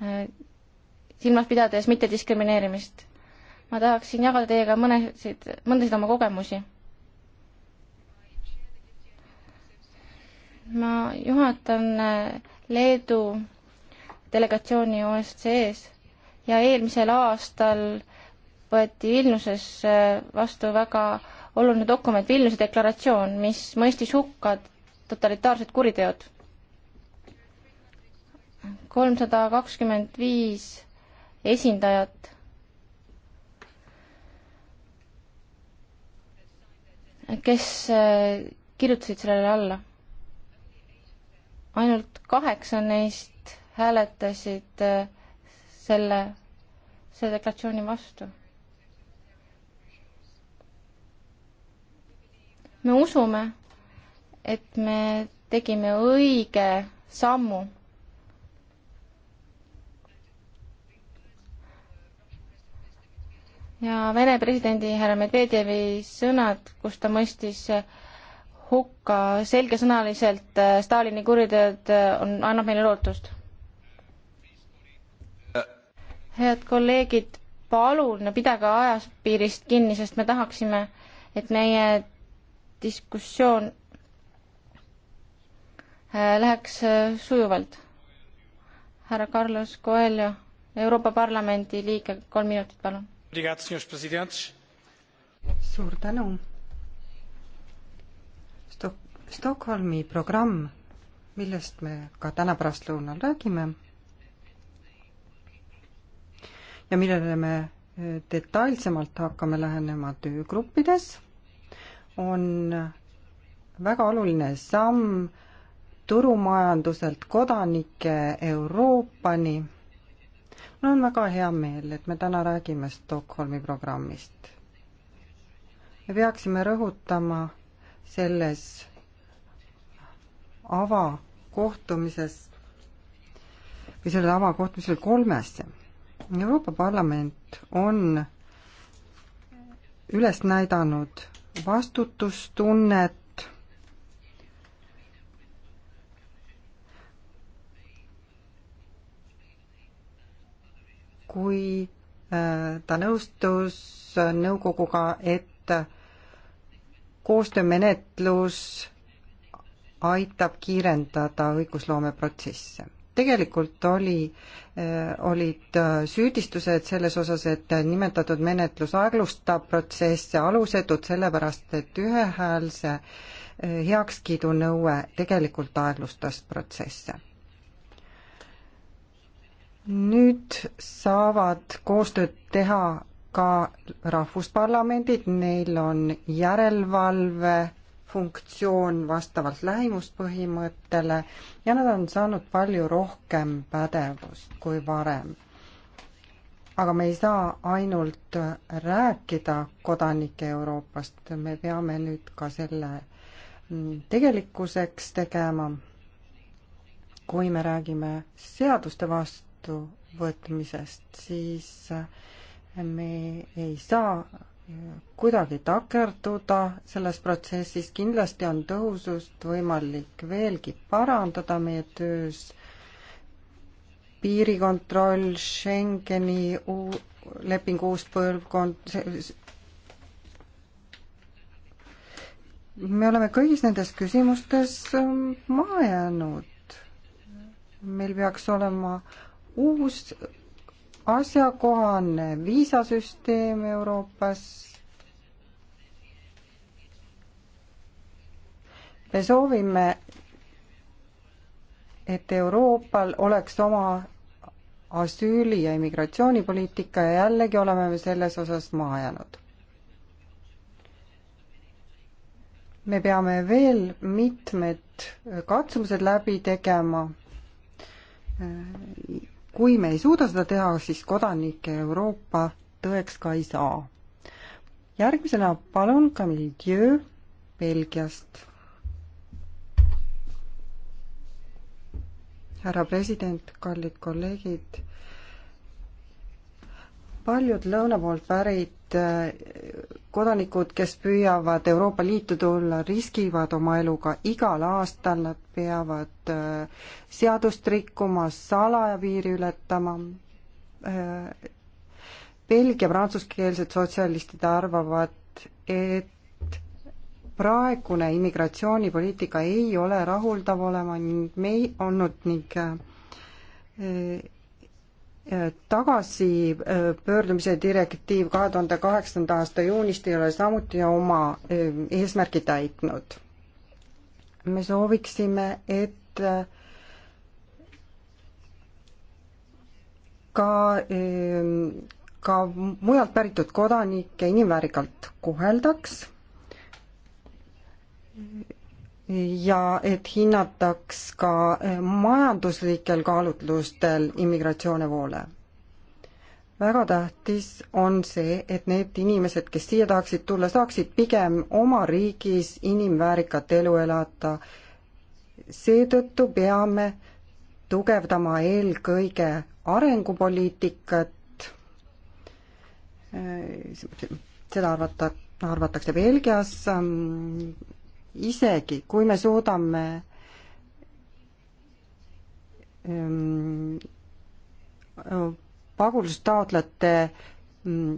Äh, silmas pidades mittediskrimineerimist. ma tahaksin jagada teiega mõnesid, mõndasid oma kogemusi ma juhatan äh, Leedu delegatsiooni OSCE-s e ja eelmisel aastal võeti Vilniuses äh, vastu väga oluline dokument, Vilniuse deklaratsioon, mis mõistis hukka totalitaarsed kuriteod. kolmsada kakskümmend viis esindajat kes äh, kirjutasid sellele alla ainult kaheksa neist hääletasid äh, selle, selle deklaratsiooni vastu. me usume, et me tegime õige sammu ja Vene presidendi härra Medvedjevi sõnad, kus ta mõistis äh, hukka selgesõnaliselt äh, Stalini kuriteod äh, on, annab meile lootust. head kolleegid, palun pidage ajapiirist kinni, sest me tahaksime, et meie diskussioon äh, läheks sujuvalt. härra Carlos Coelho, Euroopa Parlamendi liige, kolm minutit, palun. suur tänu Stockholmi programm, millest me ka täna pärastlõunal räägime ja millele me eh, detailsemalt hakkame lähenema töögruppides, on väga oluline samm turumajanduselt kodanike Euroopani. mul on väga hea meel, et me täna räägime Stockholmi programmist. me peaksime rõhutama selles avakohtumises või sellel avakohtumisel kolmesse. Euroopa Parlament on üles näidanud vastutustunnet kui äh, ta nõustus nõukoguga, et koostöömenetlus aitab kiirendada õigusloomeprotsesse. tegelikult oli, äh, olid äh, süüdistused selles osas, et nimetatud menetlus aeglustab protsesse alusetud, sellepärast et ühehäälse äh, heakskiidunõue tegelikult aeglustas protsesse nüüd saavad koostööd teha ka rahvusparlamendid, neil on järelevalve funktsioon vastavalt lähimuspõhimõttele ja nad on saanud palju rohkem pädevust kui varem. aga me ei saa ainult rääkida kodanike Euroopast, me peame nüüd ka selle tegelikkuseks tegema. kui me räägime seaduste vastuvõtmisest, siis me ei saa kuidagi takerduda selles protsessis, kindlasti on tõhusust võimalik veelgi parandada meie töös, piirikontroll, Schengeni uu-, lepingu uus põlvkond, me oleme kõigis nendes küsimustes ähm, maha jäänud. meil peaks olema uus asjakohane viisasüsteem Euroopas. me soovime, et Euroopal oleks oma asüüli- ja immigratsioonipoliitika ja jällegi oleme me selles osas maha jäänud. me peame veel mitmed katsumused läbi tegema kui me ei suuda seda teha, siis kodanike Euroopa tõeks ka ei saa. järgmisena palun Camille Dieu Belgiast. härra president, kallid kolleegid, paljud lõuna poolt pärit Äh, kodanikud, kes püüavad Euroopa Liitu tulla, riskivad oma eluga igal aastal, nad peavad äh, seadust rikkuma, salaja piiri ületama. Äh, Belgia prantsuskeelsed sotsialistid arvavad, et praegune immigratsioonipoliitika ei ole rahuldav olema ning me ei olnud ning Äh, tagasipöördumise äh, direktiiv kahe tuhande kaheksanda aasta juunist ei ole samuti oma äh, eesmärgi täitnud. me sooviksime, et ka, ka mujalt päritud kodanikke inimväärikalt koheldaks ja et hinnataks ka eh, majanduslikel kaalutlustel immigratsioonivoole. väga tähtis on see, et need inimesed, kes siia tahaksid tulla, saaksid pigem oma riigis inimväärikat elu elada. seetõttu peame tugevdama eelkõige arengupoliitikat, eh, seda arvata, arvatakse Belgias, mm, isegi kui me suudame ähm, pagulastaotlejate mm,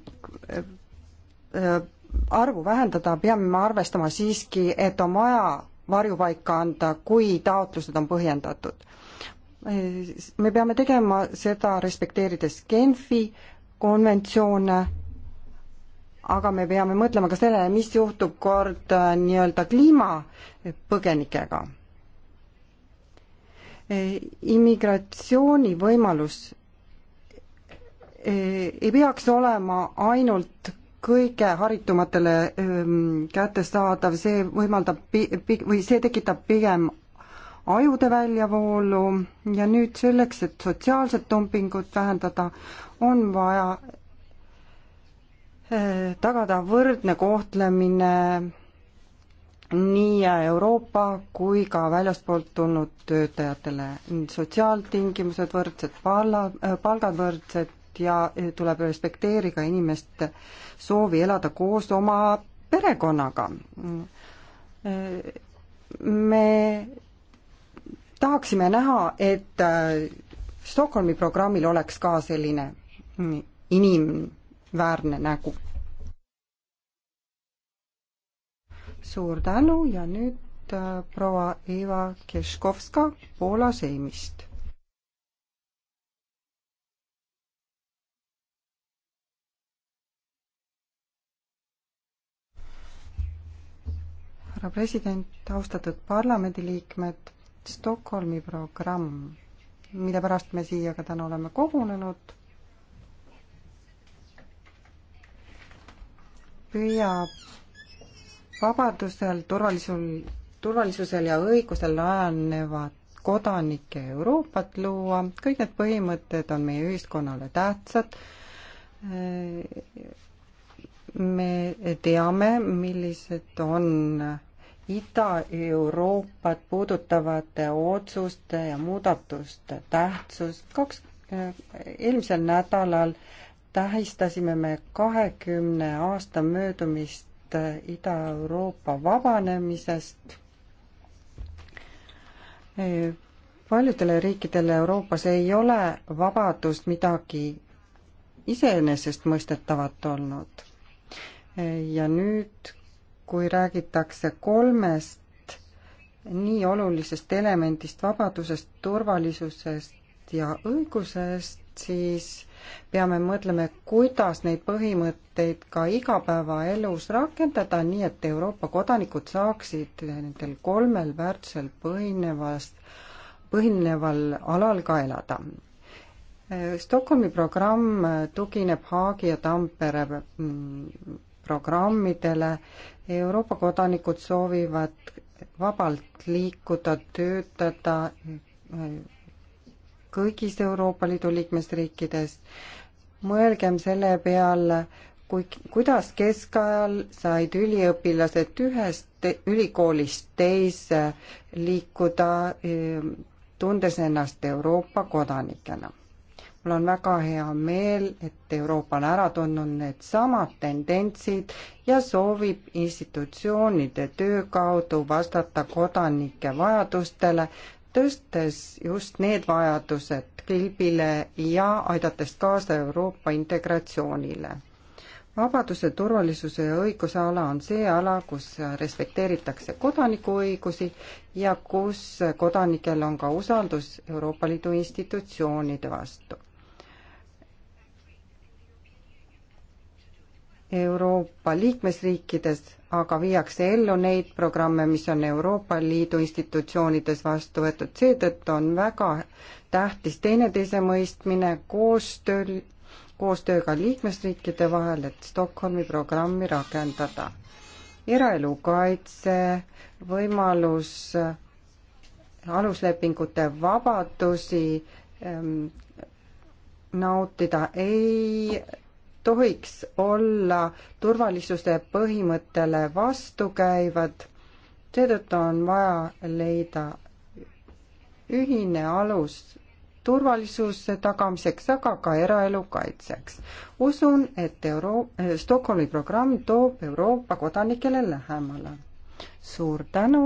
äh, arvu vähendada, peame me arvestama siiski, et on vaja varjupaika anda, kui taotlused on põhjendatud. Äh, me peame tegema seda, respekteerides Genfi konventsioone aga me peame mõtlema ka sellele, mis juhtub kord äh, nii-öelda kliimapõgenikega. Äh, immigratsiooni võimalus äh, ei peaks olema ainult kõige haritumatele ähm, kättesaadav, see võimaldab pi-, pi-, või see tekitab pigem ajude väljavoolu ja nüüd selleks, et sotsiaalset dumpingut vähendada, on vaja tagada võrdne kohtlemine nii Euroopa kui ka väljaspoolt tulnud töötajatele. sotsiaaltingimused võrdsed, palla, palgad võrdsed ja tuleb respekteerida inimeste soovi elada koos oma perekonnaga. me tahaksime näha, et Stockholmi programmil oleks ka selline inim-, väärne nägu. suur tänu ja nüüd äh, proua Eva Keškovska Poola seimist. härra president, austatud parlamendiliikmed, Stockholmi programm, mille pärast me siia ka täna oleme kogunenud, püüab vabadusel, turvalisul, turvalisusel ja õigusel rajanevat kodanike Euroopat luua, kõik need põhimõtted on meie ühiskonnale tähtsad, me teame, millised on Ida-Euroopat puudutavate otsuste ja muudatuste tähtsus, kaks, eelmisel nädalal äh, tähistasime me kahekümne aasta möödumist Ida-Euroopa vabanemisest. paljudele riikidele Euroopas ei ole vabadus midagi iseenesestmõistetavat olnud. ja nüüd, kui räägitakse kolmest nii olulisest elemendist, vabadusest, turvalisusest ja õigusest, siis peame mõtlema, kuidas neid põhimõtteid ka igapäevaelus rakendada, nii et Euroopa kodanikud saaksid nendel kolmel väärtusel põhinevast, põhineval alal ka elada. Stockholmi programm tugineb Haagi ja Tampere mm, programmidele. Euroopa kodanikud soovivad vabalt liikuda, töötada, kõigist Euroopa Liidu liikmesriikidest. mõelgem selle peale, kui, kuidas keskajal said üliõpilased ühest ülikoolist teise liikuda, ehm, tundes ennast Euroopa kodanikena mul on väga hea meel, et Euroopa on ära tundnud needsamad tendentsid ja soovib institutsioonide töö kaudu vastata kodanike vajadustele, tõstes just need vajadused kilbile ja aidates kaasa Euroopa integratsioonile. vabaduse, turvalisuse ja õiguse ala on see ala, kus respekteeritakse kodanikuõigusi ja kus kodanikel on ka usaldus Euroopa Liidu institutsioonide vastu Euroopa liikmesriikides, aga viiakse ellu neid programme, mis on Euroopa Liidu institutsioonides vastu võetud, seetõttu on väga tähtis teineteise mõistmine koostööl, koostööga liikmesriikide vahel, et Stockholmi programmi rakendada. eraelu kaitse, võimalus aluslepingute vabadusi ähm, nautida ei tohiks olla turvalisuse põhimõttele vastukäivad. seetõttu on vaja leida ühine alus turvalisuse tagamiseks, aga ka eraelu kaitseks. usun, et Euro-, eh, Stockholmi programm toob Euroopa kodanikele lähemale. suur tänu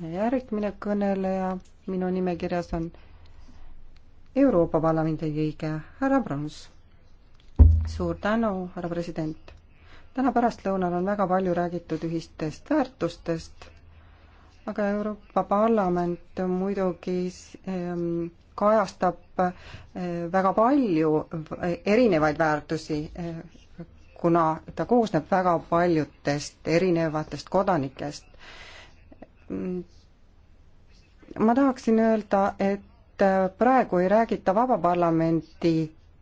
ja järgmine kõneleja minu nimekirjas on Euroopa Parlamendi liige härra Brons suur tänu, härra president. täna pärastlõunal on väga palju räägitud ühistest väärtustest, aga Euroopa Parlament muidugi ehm, kajastab eh, väga palju erinevaid väärtusi, eh, kuna ta koosneb väga paljudest erinevatest kodanikest. ma tahaksin öelda, et eh, praegu ei räägita Vaba Parlamenti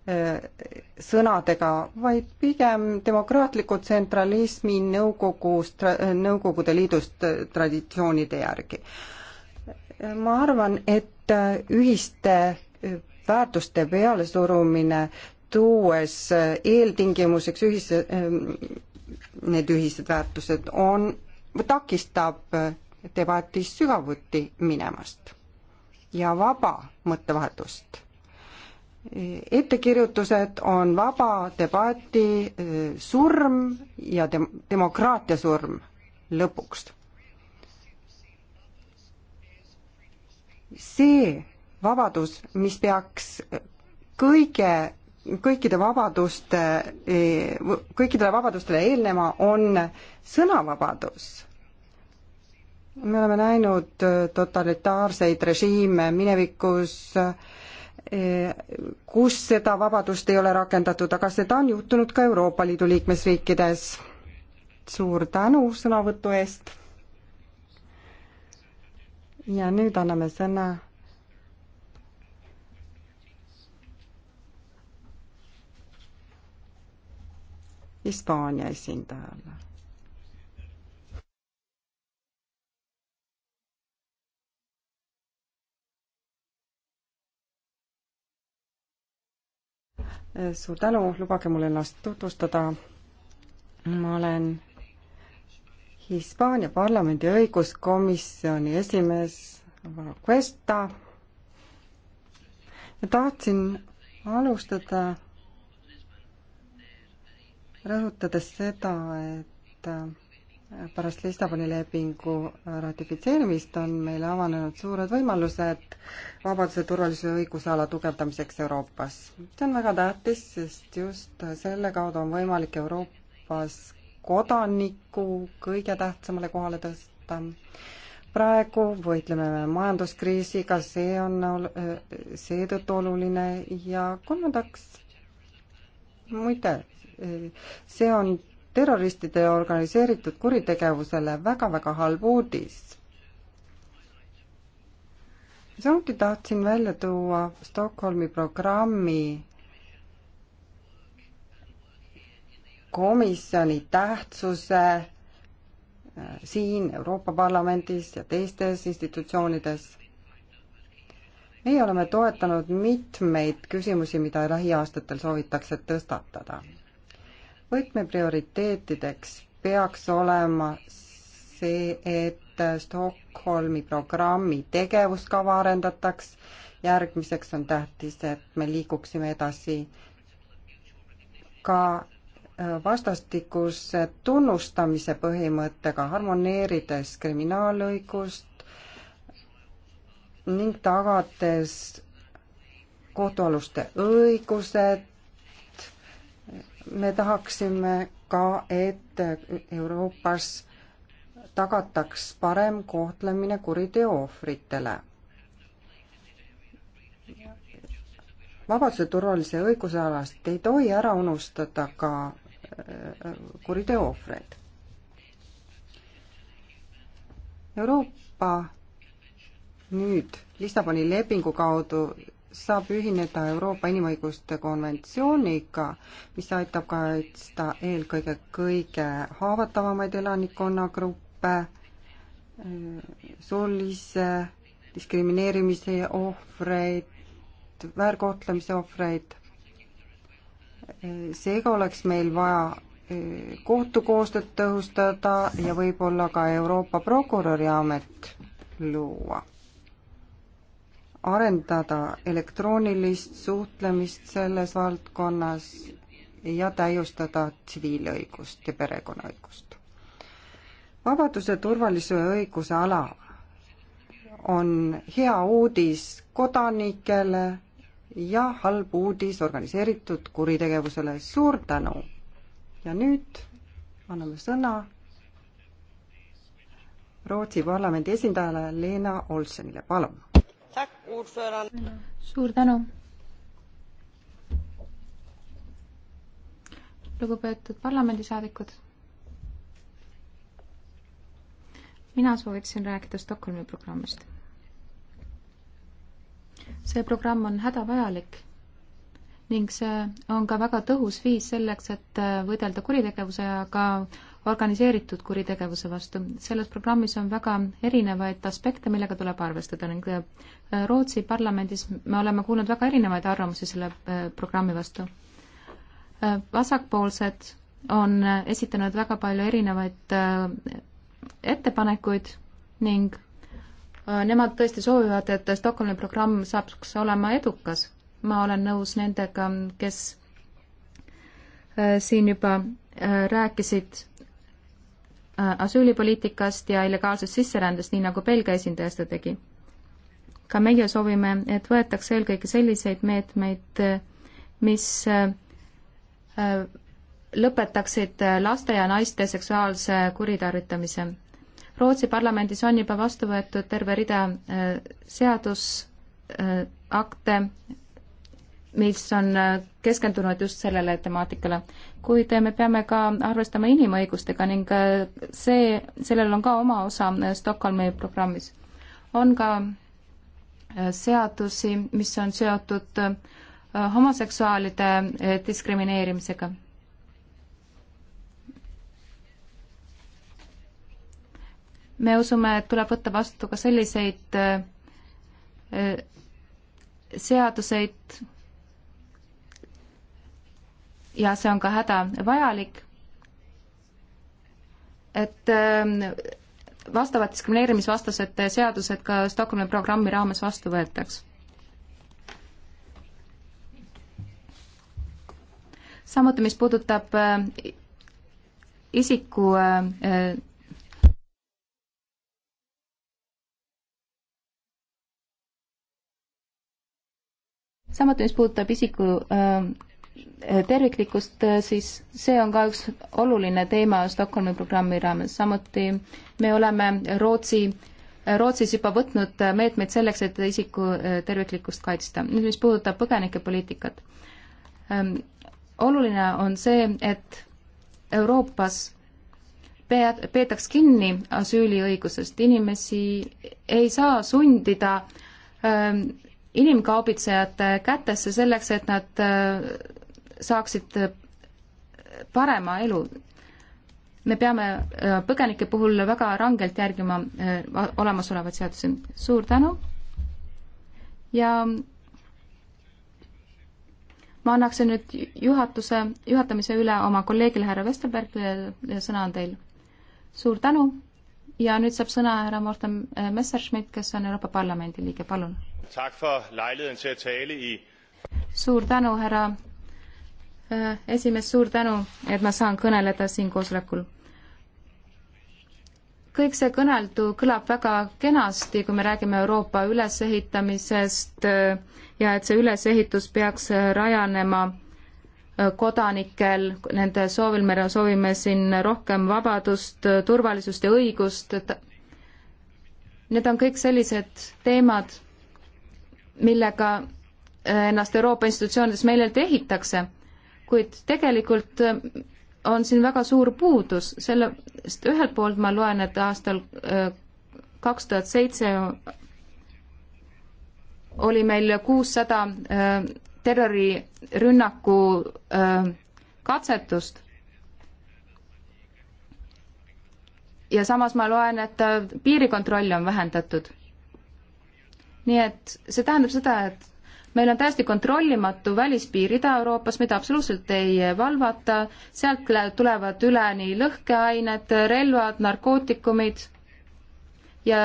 Äh, sõnadega, vaid pigem demokraatliku tsentralismi nõukogu, Nõukogude Liidust äh, traditsioonide järgi. ma arvan, et äh, ühiste väärtuste pealesurumine, tuues eeltingimuseks ühise, need ühised väärtused on, takistab debatis sügavuti minemast ja vaba mõttevahetust ettekirjutused on vaba debati eh, surm ja dem-, demokraatia surm lõpuks. see vabadus, mis peaks kõige, kõikide vabaduste, eh, kõikidele vabadustele eelnema, on sõnavabadus me oleme näinud totalitaarseid režiime minevikus äh, Eh, kus seda vabadust ei ole rakendatud, aga seda on juhtunud ka Euroopa Liidu liikmesriikides. suur tänu sõnavõtu eest. ja nüüd anname sõna Hispaania esindajale suur tänu, lubage mul ennast tutvustada. ma olen Hispaania parlamendi õiguskomisjoni esimees Alvaro Cuesta. ja tahtsin alustada rõhutades seda, et pärast Lissaboni lepingu ratifitseerimist on meile avanenud suured võimalused vabaduse, turvalisuse ja õiguse ala tugevdamiseks Euroopas. see on väga tähtis, sest just selle kaudu on võimalik Euroopas kodaniku kõige tähtsamale kohale tõsta. praegu võitleme me majanduskriisiga, see on seetõttu oluline ja kolmandaks muide, see on terroristide ja organiseeritud kuritegevusele väga-väga halb uudis. samuti tahtsin välja tuua Stockholmi programmi komisjoni tähtsuse äh, siin Euroopa Parlamendis ja teistes institutsioonides. meie oleme toetanud mitmeid küsimusi, mida lähiaastatel soovitakse tõstatada võtmeprioriteetideks peaks olema see, et Stockholmi programmi tegevuskava arendataks, järgmiseks on tähtis, et me liiguksime edasi ka äh, vastastikuse tunnustamise põhimõttega, harmoneerides kriminaalõigust ning tagades kohtualuste õigused, me tahaksime ka, et Euroopas tagataks parem kohtlemine kuriteo ohvritele. vabaduse turvalise õiguse alast ei tohi ära unustada ka äh, kuriteo ohvreid. Euroopa nüüd Lissaboni lepingu kaudu saab ühineda Euroopa Inimõiguste konventsiooniga, mis aitab kaitsta eelkõige kõige haavatavamaid elanikkonnagruppe, soolise diskrimineerimise ohvreid, väärkohtlemise ohvreid. seega oleks meil vaja e, kohtukoostööd tõhustada ja võib-olla ka Euroopa prokuröri amet luua arendada elektroonilist suhtlemist selles valdkonnas ja täiustada tsiviilõigust ja perekonnaõigust. vabaduse, turvalisuse ja õiguse ala on hea uudis kodanikele ja halb uudis organiseeritud kuritegevusele. suur tänu! ja nüüd anname sõna Rootsi parlamendi esindajale Leena Olsenile, palun! suur tänu. lugupeetud parlamendisaadikud. mina sooviksin rääkida Stockholmi programmist. see programm on hädavajalik ning see on ka väga tõhus viis selleks, et võidelda kuritegevuse ja ka organiseeritud kuritegevuse vastu. selles programmis on väga erinevaid aspekte, millega tuleb arvestada ning äh, Rootsi parlamendis me oleme kuulnud väga erinevaid arvamusi selle äh, programmi vastu. Äh, vasakpoolsed on esitanud väga palju erinevaid ettepanekuid ning nemad tõesti soovivad, et Stockholmi programm saaks olema edukas. ma olen nõus nendega, kes siin juba rääkisid Äh, asüülipoliitikast ja illegaalsest sisserändest, nii nagu Belgia esindaja seda tegi. ka meie soovime, et võetaks eelkõige selliseid meetmeid, mis äh, lõpetaksid laste ja naiste seksuaalse kuritarvitamise. Rootsi parlamendis on juba vastu võetud terve rida äh, seadusakte, mis on äh, keskendunud just sellele temaatikale. kuid äh, me peame ka arvestama inimõigustega ning äh, see, sellel on ka oma osa Stockholmi programmis. on ka seadusi, mis on seotud homoseksuaalide diskrimineerimisega. me usume, et tuleb võtta vastu ka selliseid seaduseid, ja see on ka hädavajalik, et ähm, vastavad diskrimineerimisvastased seadused ka Stockholmi programmi raames vastu võetaks. samuti, mis puudutab äh, isiku äh, samuti, mis puudutab isiku äh, terviklikkust, äh, siis see on ka üks oluline teema Stockholmi programmi raames, samuti me oleme Rootsi äh, Rootsis juba võtnud äh, meetmeid selleks, et isiku terviklikkust kaitsta. nüüd, mis puudutab põgenikepoliitikat. Ähm, oluline on see, et Euroopas peetaks kinni asüüliõigusest, inimesi ei saa sundida ähm, inimkaubitsejate kätesse selleks, et nad saaksid äh, parema elu. me peame äh, põgenike puhul väga rangelt järgima äh, olemasolevaid seadusi. suur tänu ja ma annaksin nüüd juhatuse, juhatamise üle oma kolleegile härra Vesterbergile ja sõna on teil. suur tänu ja nüüd saab sõna härra Morten Messerschmidt, kes on Euroopa Parlamendi liige, palun. suur tänu, härra Äh, esimees, suur tänu, et ma saan kõneleda siin koosolekul. kõik see kõneldu kõlab väga kenasti, kui me räägime Euroopa ülesehitamisest äh, ja et see ülesehitus peaks äh, rajanema kodanikel, nende soovil, me soovime siin rohkem vabadust, turvalisust ja õigust, et need on kõik sellised teemad, millega ennast Euroopa institutsioonides meelelt ehitakse kuid tegelikult äh, on siin väga suur puudus, selle, sest ühelt poolt ma loen, et aastal äh, kaks tuhat seitse oli meil kuussada äh, terrorirünnaku katsetust. ja samas ma loen, et piirikontrolli on vähendatud. nii et see tähendab seda, et meil on täiesti kontrollimatu välispiir Ida-Euroopas, mida absoluutselt ei valvata, sealt tulevad üle nii lõhkeained, relvad, narkootikumid ja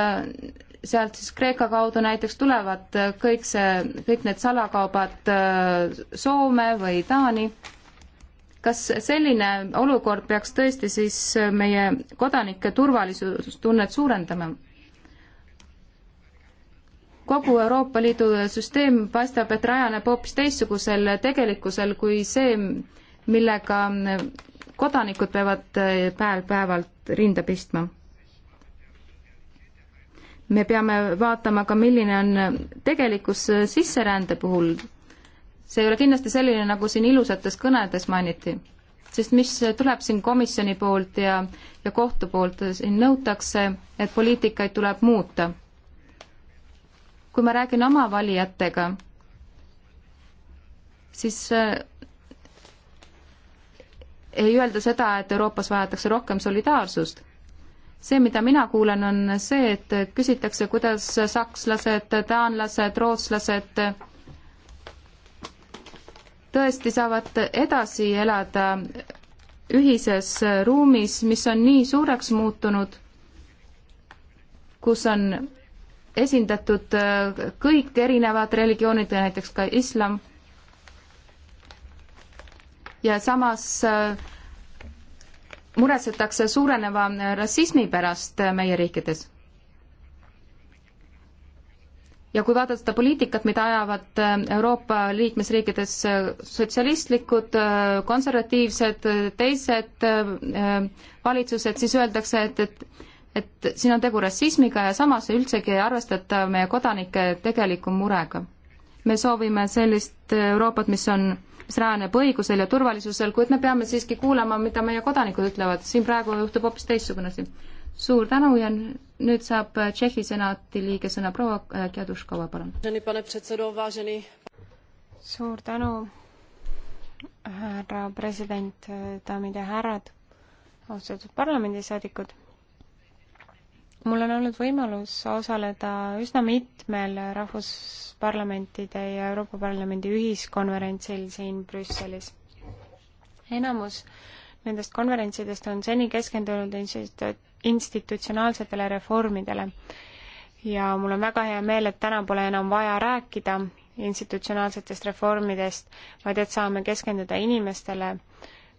sealt siis Kreeka kaudu näiteks tulevad kõik see, kõik need salakaubad äh, Soome või Taani. kas selline olukord peaks tõesti siis meie kodanike turvalisustunnet suurendama? kogu Euroopa Liidu süsteem paistab, et rajaneb hoopis teistsugusel tegelikkusel kui see, millega kodanikud peavad eh, päev-päevalt rinda pistma. me peame vaatama ka, milline on tegelikkus sisserände puhul. see ei ole kindlasti selline, nagu siin ilusates kõnedes mainiti. sest mis tuleb siin komisjoni poolt ja, ja kohtu poolt, siin nõutakse, et poliitikaid tuleb muuta kui ma räägin oma valijatega, siis äh, ei öelda seda, et Euroopas vajatakse rohkem solidaarsust. see, mida mina kuulen, on see, et küsitakse, kuidas sakslased, taanlased, rootslased tõesti saavad edasi elada ühises ruumis, mis on nii suureks muutunud, kus on esindatud äh, kõik erinevad religioonid, näiteks ka islam. ja samas äh, muretsetakse suureneva rassismi pärast äh, meie riikides. ja kui vaadata seda poliitikat, mida ajavad Euroopa liikmesriikides sotsialistlikud, konservatiivsed, teised valitsused, siis öeldakse, et, et et siin on tegu rassismiga ja samas üldsegi ei arvestata meie kodanike tegeliku murega. me soovime sellist Euroopat, mis on, mis rajaneb õigusel ja turvalisusel, kuid me peame siiski kuulama, mida meie kodanikud ütlevad, siin praegu juhtub hoopis teistsugune asi. suur tänu ja nüüd saab Tšehhi senati liige sõna proua Kjaduškova, palun. suur tänu, härra president, daamid ja härrad, austatud parlamendisaadikud mul on olnud võimalus osaleda üsna mitmel rahvusparlamentide ja Euroopa Parlamendi ühiskonverentsil siin Brüsselis. enamus nendest konverentsidest on seni keskendunud institu-, institutsionaalsetele reformidele. ja mul on väga hea meel, et täna pole enam vaja rääkida institutsionaalsetest reformidest, vaid et saame keskenduda inimestele,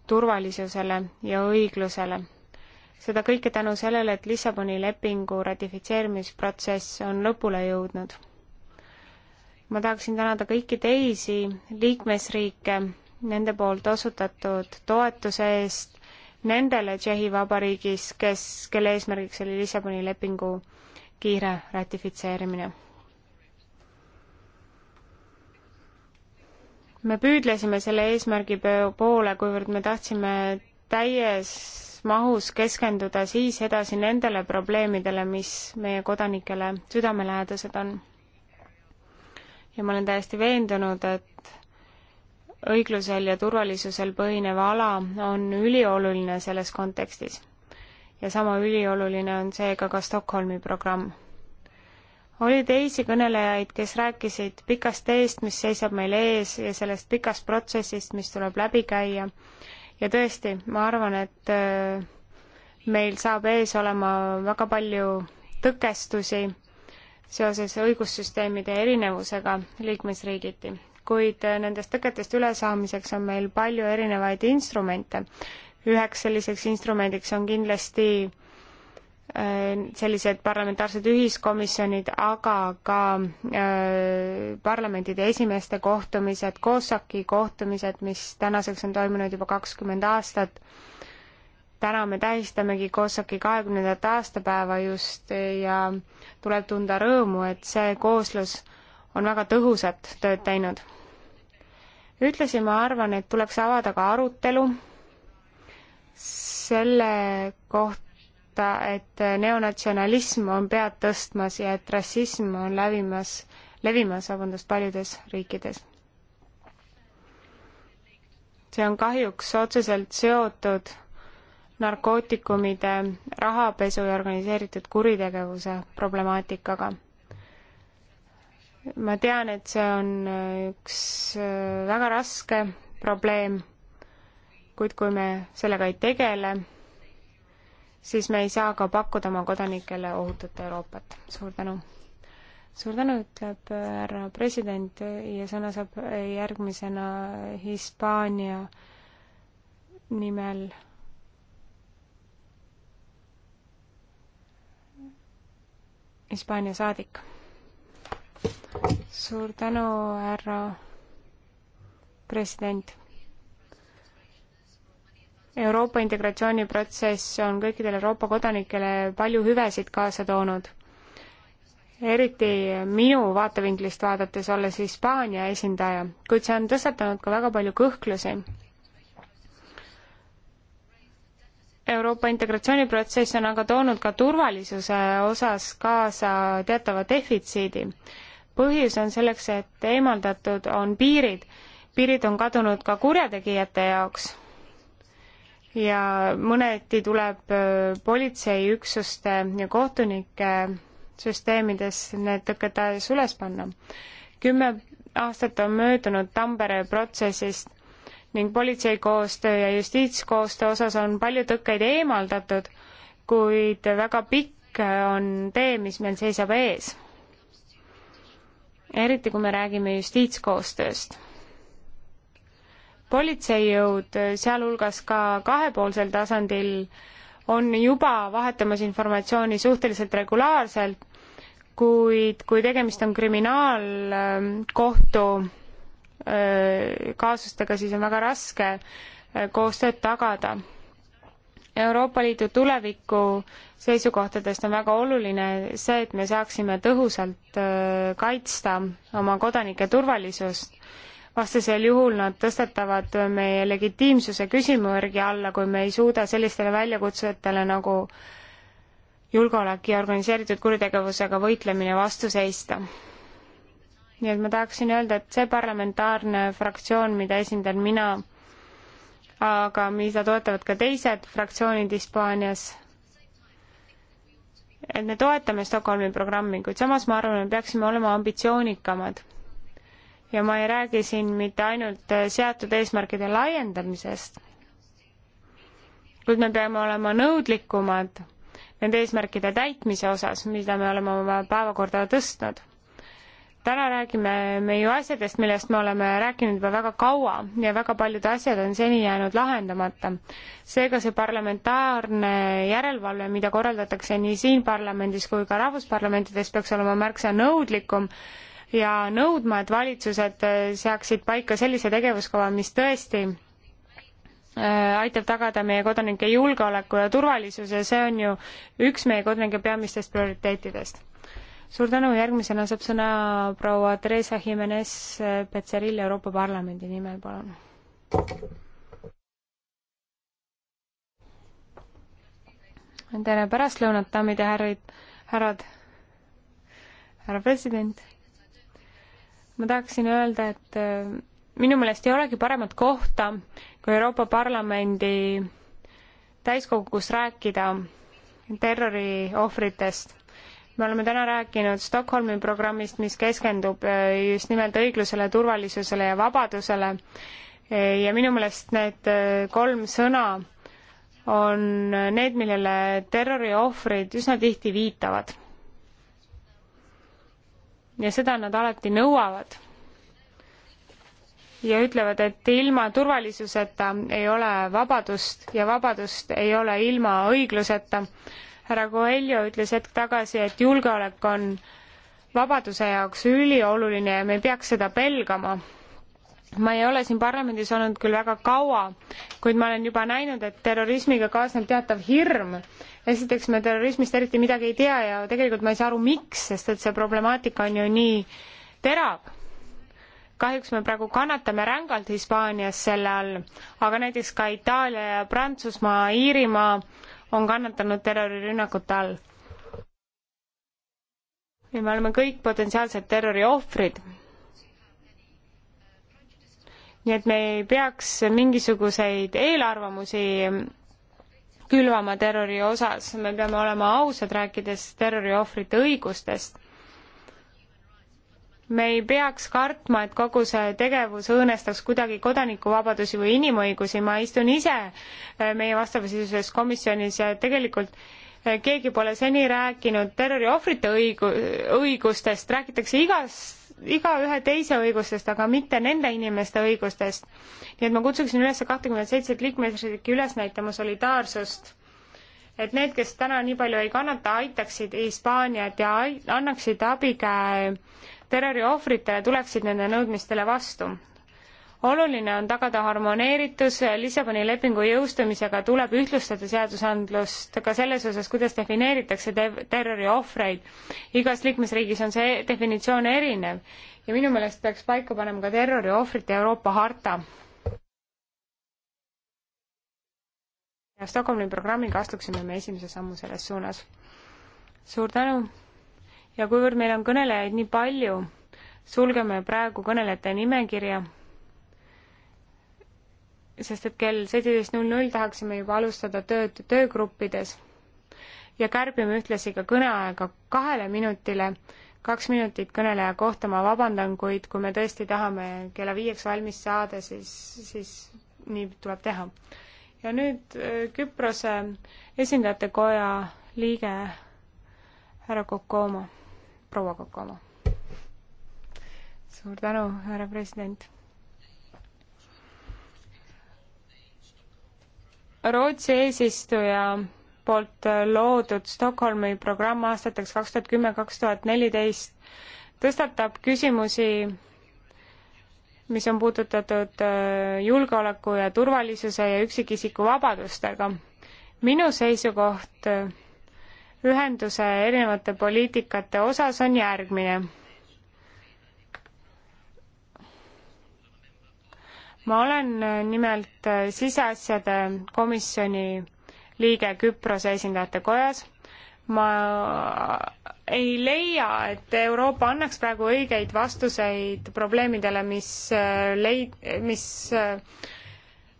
turvalisusele ja õiglusele seda kõike tänu sellele, et Lissaboni lepingu ratifitseerimisprotsess on lõpule jõudnud. ma tahaksin tänada kõiki teisi liikmesriike nende poolt osutatud toetuse eest nendele Tšehhi Vabariigis, kes, kelle eesmärgiks oli Lissaboni lepingu kiire ratifitseerimine. me püüdlesime selle eesmärgi poole, kuivõrd me tahtsime täies mahus keskenduda siis edasi nendele probleemidele, mis meie kodanikele südamelähedased on. ja ma olen täiesti veendunud, et õiglusel ja turvalisusel põhinev ala on ülioluline selles kontekstis. ja sama ülioluline on seega ka Stockholmi programm. oli teisi kõnelejaid, kes rääkisid pikast teest, mis seisab meil ees ja sellest pikast protsessist, mis tuleb läbi käia ja tõesti, ma arvan, et äh, meil saab ees olema väga palju tõkestusi seoses õigussüsteemide erinevusega liikmesriigiti, kuid äh, nendest tõketest ülesaamiseks on meil palju erinevaid instrumente. üheks selliseks instrumendiks on kindlasti Äh, sellised parlamentaarsed ühiskomisjonid, aga ka äh, parlamentide esimeeste kohtumised, COSAC-i kohtumised, mis tänaseks on toimunud juba kakskümmend aastat. täna me tähistamegi COSAC-i kahekümnendat aastapäeva just ja tuleb tunda rõõmu, et see kooslus on väga tõhusat tööd teinud. ühtlasi ma arvan, et tuleks avada ka arutelu selle kohta, seda, et neonatsionalism on pead tõstmas ja et rassism on levimas, levimas, vabandust, paljudes riikides. see on kahjuks otseselt seotud narkootikumide, rahapesu ja organiseeritud kuritegevuse problemaatikaga. ma tean, et see on üks äh, väga raske probleem, kuid kui me sellega ei tegele, siis me ei saa ka pakkuda oma kodanikele ohutut Euroopat. suur tänu! suur tänu, ütleb äh, härra president äh, ja sõna saab äh, järgmisena Hispaania nimel Hispaania saadik. suur tänu, härra president Euroopa integratsiooniprotsess on kõikidele Euroopa kodanikele palju hüvesid kaasa toonud. eriti minu vaatevinklist vaadates, olles Hispaania esindaja, kuid see on tõstatanud ka väga palju kõhklusi. Euroopa integratsiooniprotsess on aga toonud ka turvalisuse osas kaasa teatava defitsiidi. põhjus on selleks, et eemaldatud on piirid. piirid on kadunud ka kurjategijate jaoks ja mõneti tuleb äh, politseiüksuste ja kohtunike süsteemides need tõkked tahes üles panna. kümme aastat on möödunud Tampere protsessist ning politseikoostöö ja justiitskoostöö osas on palju tõkkeid eemaldatud, kuid väga pikk on tee, mis meil seisab ees. eriti, kui me räägime justiitskoostööst politseijõud, sealhulgas ka kahepoolsel tasandil, on juba vahetamas informatsiooni suhteliselt regulaarselt, kuid kui tegemist on kriminaalkohtu kaasustega, siis on väga raske koostööd tagada. Euroopa Liidu tuleviku seisukohtadest on väga oluline see, et me saaksime tõhusalt kaitsta oma kodanike turvalisust vastasel juhul nad tõstetavad meie legitiimsuse küsimärgi alla, kui me ei suuda sellistele väljakutsetele nagu julgeolek ja organiseeritud kuritegevusega võitlemine vastu seista. nii et ma tahaksin öelda, et see parlamentaarne fraktsioon, mida esindan mina, aga mida toetavad ka teised fraktsioonid Hispaanias, et me toetame Stockholmi programmi, kuid samas ma arvan, me peaksime olema ambitsioonikamad ja ma ei räägi siin mitte ainult äh, seatud eesmärkide laiendamisest, kuid me peame olema nõudlikumad nende eesmärkide täitmise osas, mida me oleme oma päevakorda tõstnud. täna räägime me ju asjadest, millest me oleme rääkinud juba väga kaua ja väga paljud asjad on seni jäänud lahendamata. seega see parlamentaarne järelevalve, mida korraldatakse nii siin parlamendis kui ka rahvusparlamentides, peaks olema märksa nõudlikum ja nõudma, et valitsused äh, seaksid paika sellise tegevuskava, mis tõesti äh, aitab tagada meie kodanike julgeoleku ja turvalisuse, see on ju üks meie kodanike peamistest prioriteetidest. suur tänu, järgmisena saab sõna proua Theresa Jimenez äh, Petseril Euroopa Parlamendi nimel, palun. tere pärastlõunat, daamid ja härrid, härrad, härra president ma tahaksin öelda, et äh, minu meelest ei olegi paremat kohta kui Euroopa Parlamendi täiskogus rääkida terroriohvritest. me oleme täna rääkinud Stockholmi programmist, mis keskendub äh, just nimelt õiglusele, turvalisusele ja vabadusele ja minu meelest need äh, kolm sõna on need, millele terroriohvrid üsna tihti viitavad ja seda nad alati nõuavad. ja ütlevad, et ilma turvalisuseta ei ole vabadust ja vabadust ei ole ilma õigluseta. härra Coelho ütles hetk tagasi, et julgeolek on vabaduse jaoks ülioluline ja me ei peaks seda pelgama ma ei ole siin parlamendis olnud küll väga kaua, kuid ma olen juba näinud, et terrorismiga kaasneb teatav hirm. esiteks me terrorismist eriti midagi ei tea ja tegelikult ma ei saa aru, miks, sest et see problemaatika on ju nii terav. kahjuks me praegu kannatame rängalt Hispaanias selle all, aga näiteks ka Itaalia ja Prantsusmaa, Iirimaa on kannatanud terrorirünnakute all. ja me oleme kõik potentsiaalsed terrori ohvrid nii et me ei peaks mingisuguseid eelarvamusi külvama terrori osas, me peame olema ausad, rääkides terroriohvrite õigustest. me ei peaks kartma, et kogu see tegevus õõnestaks kuidagi kodanikuvabadusi või inimõigusi, ma istun ise äh, meie vastavasisuses komisjonis ja tegelikult äh, keegi pole seni rääkinud terroriohvrite õigu-, õigustest, räägitakse igast igaühe teise õigustest, aga mitte nende inimeste õigustest. nii et ma kutsuksin üles kahtekümmet seitset liikmesriiki üles näitama solidaarsust, et need, kes täna nii palju ei kannata, aitaksid Hispaaniat ja annaksid abikäe terroriohvritele, tuleksid nende nõudmistele vastu oluline on tagada harmoneeritus, Lissaboni lepingu jõustumisega tuleb ühtlustada seadusandlust ka selles osas, kuidas defineeritakse te-, terrori ohvreid. igas liikmesriigis on see definitsioon erinev ja minu meelest peaks paika panema ka terrori ohvrite Euroopa harta. ja Stockholmi programmiga astuksime me esimese sammu selles suunas. suur tänu ja kuivõrd meil on kõnelejaid nii palju, sulgeme praegu kõnelejate nimekirja sest et kell seitseteist null null tahaksime juba alustada tööd töögruppides ja kärbime ühtlasi ka kõneaega kahele minutile, kaks minutit kõneleja kohta, ma vabandan, kuid kui me tõesti tahame kella viieks valmis saada, siis, siis nii tuleb teha. ja nüüd äh, Küprose esindajate koja liige härra Kokoma, proua Kokoma. suur tänu, härra president Rootsi eesistuja poolt loodud Stockholmi programm aastateks kaks tuhat kümme, kaks tuhat neliteist tõstatab küsimusi, mis on puudutatud äh, julgeoleku ja turvalisuse ja üksikisiku vabadustega. minu seisukoht äh, ühenduse erinevate poliitikate osas on järgmine ma olen äh, nimelt äh, siseasjade komisjoni liige Küprose esindajate kojas. ma ei leia, et Euroopa annaks praegu õigeid vastuseid probleemidele, mis äh, leid-, mis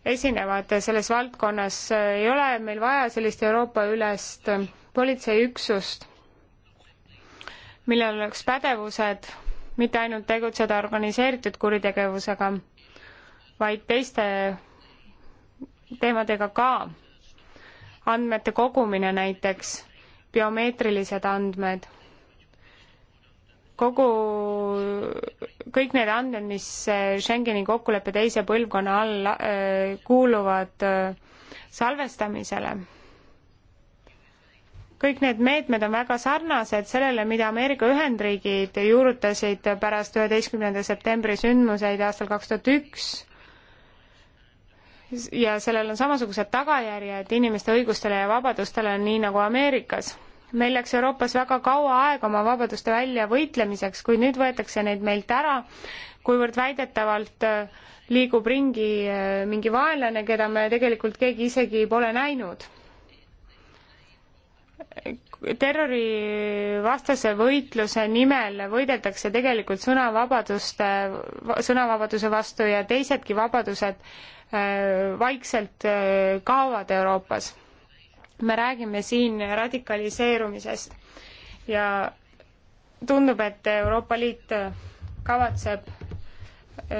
esinevad selles valdkonnas, ei ole meil vaja sellist Euroopa-ülest politseiüksust, millel oleks pädevused mitte ainult tegutseda organiseeritud kuritegevusega vaid teiste teemadega ka. andmete kogumine näiteks, biomeetrilised andmed, kogu, kõik need andmed, mis äh, Schengeni kokkuleppe teise põlvkonna alla äh, kuuluvad äh, salvestamisele kõik need meetmed on väga sarnased sellele, mida Ameerika Ühendriigid juurutasid pärast üheteistkümnenda septembri sündmuseid aastal kaks tuhat üks ja sellel on samasugused tagajärjed inimeste õigustele ja vabadustele, nii nagu Ameerikas. meil läks Euroopas väga kaua aega oma vabaduste välja võitlemiseks, kui nüüd võetakse neid meilt ära, kuivõrd väidetavalt äh, liigub ringi äh, mingi vaenlane, keda me tegelikult keegi isegi pole näinud. terrorivastase võitluse nimel võideldakse tegelikult sõnavabaduste, sõnavabaduse vastu ja teisedki vabadused Äh, vaikselt äh, kaovad Euroopas. me räägime siin radikaliseerumisest ja tundub, et Euroopa Liit kavatseb äh,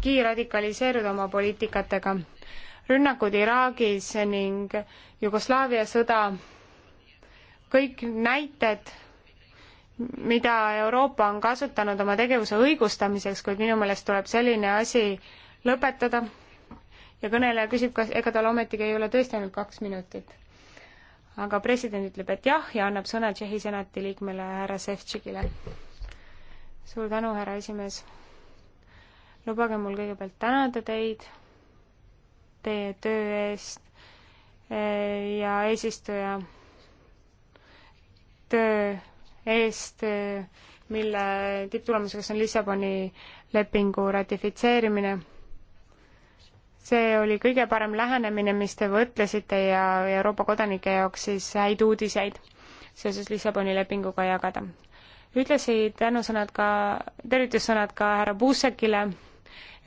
kiirradikaliseeruda oma poliitikatega. rünnakud Iraagis ning Jugoslaavia sõda, kõik näited, mida Euroopa on kasutanud oma tegevuse õigustamiseks, kuid minu meelest tuleb selline asi lõpetada ja kõneleja küsib, kas ega tal ometigi ei ole tõesti ainult kaks minutit. aga president ütleb, et jah, ja annab sõna Tšehhi senati liikmele härra Sevtšikile. suur tänu, härra esimees. lubage mul kõigepealt tänada teid teie töö eest e, ja eesistuja töö eest, e, mille tipptulemuseks on Lissaboni lepingu ratifitseerimine see oli kõige parem lähenemine, mis te võtlesite ja Euroopa kodanike jaoks siis häid uudiseid seoses Lissaboni lepinguga jagada. ütlesid tänusõnad ka, tervitussõnad ka härra Puusekile.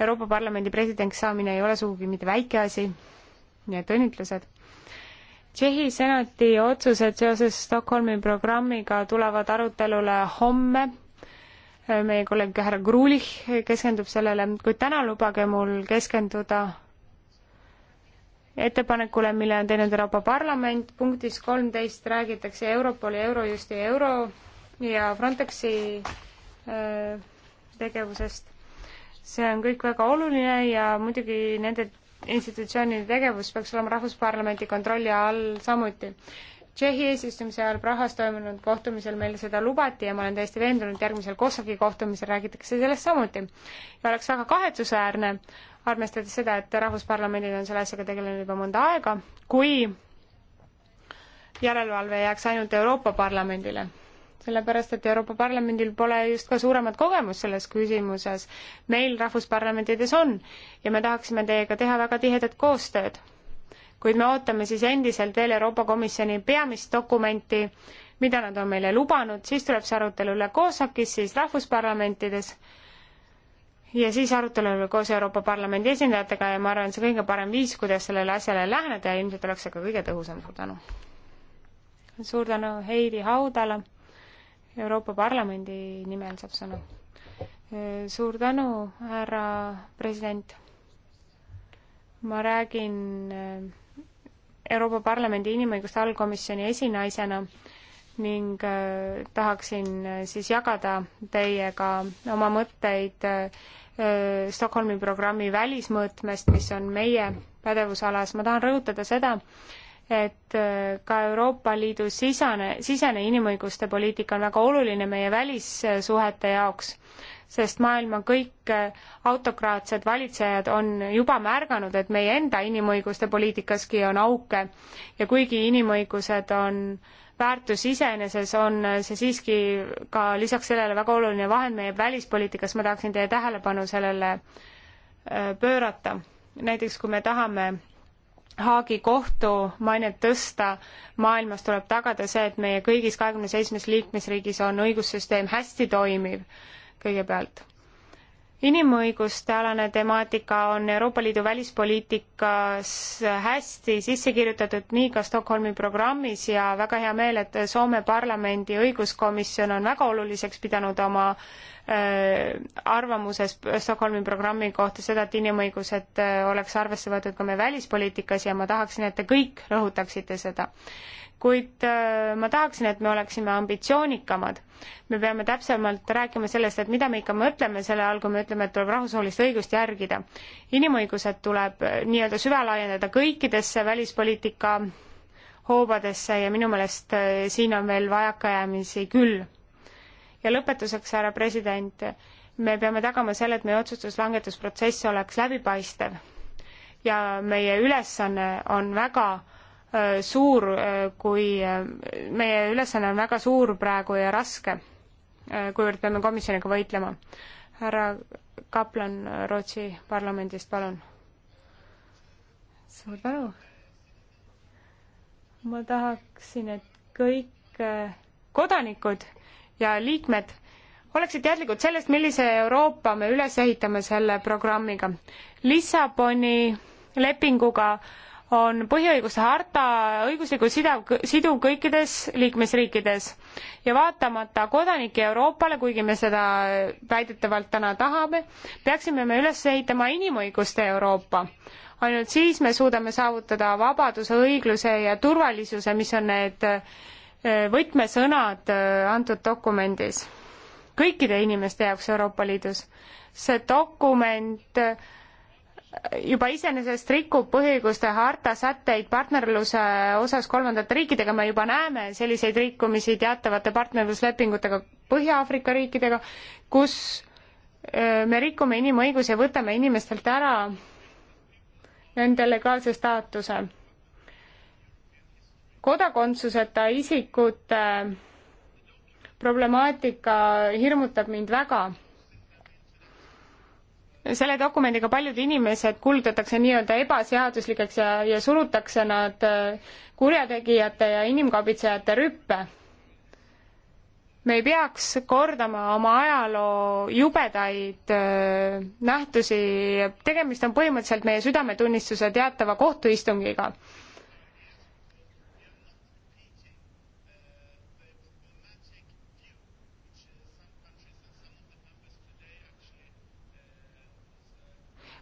Euroopa Parlamendi presidendiks saamine ei ole sugugi mitte väike asi. nii et õnnitlused. Tšehhi senati otsused seoses Stockholmi programmiga tulevad arutelule homme meie kolleeg härra Gruulich keskendub sellele, kuid täna lubage mul keskenduda ettepanekule, mille on teinud Euroopa Parlament. punktis kolmteist räägitakse Europoli, Eurojusti, Euro ja Frontexi äh, tegevusest. see on kõik väga oluline ja muidugi nende institutsioonide tegevus peaks olema Rahvusparlamendi kontrolli all samuti. Tšehhi eesistumise ajal Prahas toimunud kohtumisel meile seda lubati ja ma olen täiesti veendunud, järgmisel Kosovi kohtumisel räägitakse sellest samuti. ja oleks väga kahetsusväärne, arvestades seda, et Rahvusparlamendid on selle asjaga tegelenud juba mõnda aega, kui järelevalve jääks ainult Euroopa Parlamendile. sellepärast, et Euroopa Parlamendil pole just ka suuremat kogemust selles küsimuses. meil Rahvusparlamentides on ja me tahaksime teiega teha väga tihedat koostööd. kuid me ootame siis endiselt veel Euroopa Komisjoni peamist dokumenti, mida nad on meile lubanud, siis tuleb see arutelu üle COSAC-is, siis Rahvusparlamentides ja siis arutelul koos Euroopa Parlamendi esindajatega ja ma arvan, et see kõige parem viis, kuidas sellele asjale läheneda ja ilmselt oleks see ka kõige tõhusam, suur tänu. suur tänu Heidi Haudale, Euroopa Parlamendi nimel saab sõna. suur tänu, härra president. ma räägin eh, Euroopa Parlamendi inimõiguste allkomisjoni esinaisena ning äh, tahaksin äh, siis jagada teiega oma mõtteid äh, Stockholmi programmi välismõõtmest, mis on meie pädevusalas. ma tahan rõhutada seda, et ka Euroopa Liidu sisane, sisene inimõiguste poliitika on väga oluline meie välissuhete jaoks, sest maailma kõik autokraatsed valitsejad on juba märganud, et meie enda inimõiguste poliitikaski on auke ja kuigi inimõigused on äh, väärtus iseeneses on eh, see siiski ka lisaks sellele väga oluline vahend meie välispoliitikas, ma tahaksin teie tähelepanu sellele eh, pöörata. näiteks kui me tahame Haagi kohtu mainet tõsta, maailmas tuleb tagada see, et meie kõigis kahekümne seitsmes liikmesriigis on õigussüsteem hästi toimiv kõigepealt inimõiguste alane temaatika on Euroopa Liidu välispoliitikas hästi sisse kirjutatud nii ka Stockholmi programmis ja väga hea meel, et Soome parlamendi õiguskomisjon on väga oluliseks pidanud oma äh, arvamuses Stockholmi programmi kohta seda, et inimõigused äh, oleks arvesse võetud ka meie välispoliitikas ja ma tahaksin, et te kõik rõhutaksite seda kuid äh, ma tahaksin, et me oleksime ambitsioonikamad. me peame täpsemalt rääkima sellest, et mida me ikka mõtleme selle all, kui me ütleme, et tuleb rahvusvahelist õigust järgida. inimõigused tuleb äh, nii-öelda süvelaiendada kõikidesse välispoliitika hoobadesse ja minu meelest äh, siin on veel vajakajäämisi küll. ja lõpetuseks, härra president, me peame tagama selle, et meie otsustuslangetusprotsess oleks läbipaistev ja meie ülesanne on väga äh, Äh, suur, äh, kui äh, meie ülesanne on väga suur praegu ja raske, kuivõrd peame komisjoniga võitlema. härra Kaplan Rootsi parlamendist, palun. suur tänu. ma tahaksin, et kõik kodanikud ja liikmed oleksid teadlikud sellest, millise Euroopa me üles ehitame selle programmiga. Lissaboni lepinguga äh, on põhiõiguste harta õiguslikult sidav, siduv kõikides liikmesriikides ja vaatamata kodanike Euroopale, kuigi me seda väidetavalt täna tahame, peaksime me üles ehitama inimõiguste Euroopa. ainult siis me suudame saavutada vabaduse, õigluse ja turvalisuse, mis on need äh, võtmesõnad äh, antud dokumendis. kõikide inimeste jaoks Euroopa Liidus. see dokument äh, juba iseenesest rikub põhiõiguste harta sätteid partnerluse osas kolmandate riikidega, me juba näeme selliseid rikkumisi teatavate partnerluslepingutega Põhja-Aafrika riikidega, kus me rikume inimõigusi ja võtame inimestelt ära nende legaalse staatuse. kodakondsuseta isikute äh, problemaatika hirmutab mind väga selle dokumendiga paljud inimesed kuulutatakse nii-öelda ebaseaduslikeks ja, ja surutakse nad äh, kurjategijate ja inimkaubitsejate rüppe. me ei peaks kordama oma ajaloo jubedaid äh, nähtusi, tegemist on põhimõtteliselt meie südametunnistuse teatava kohtuistungiga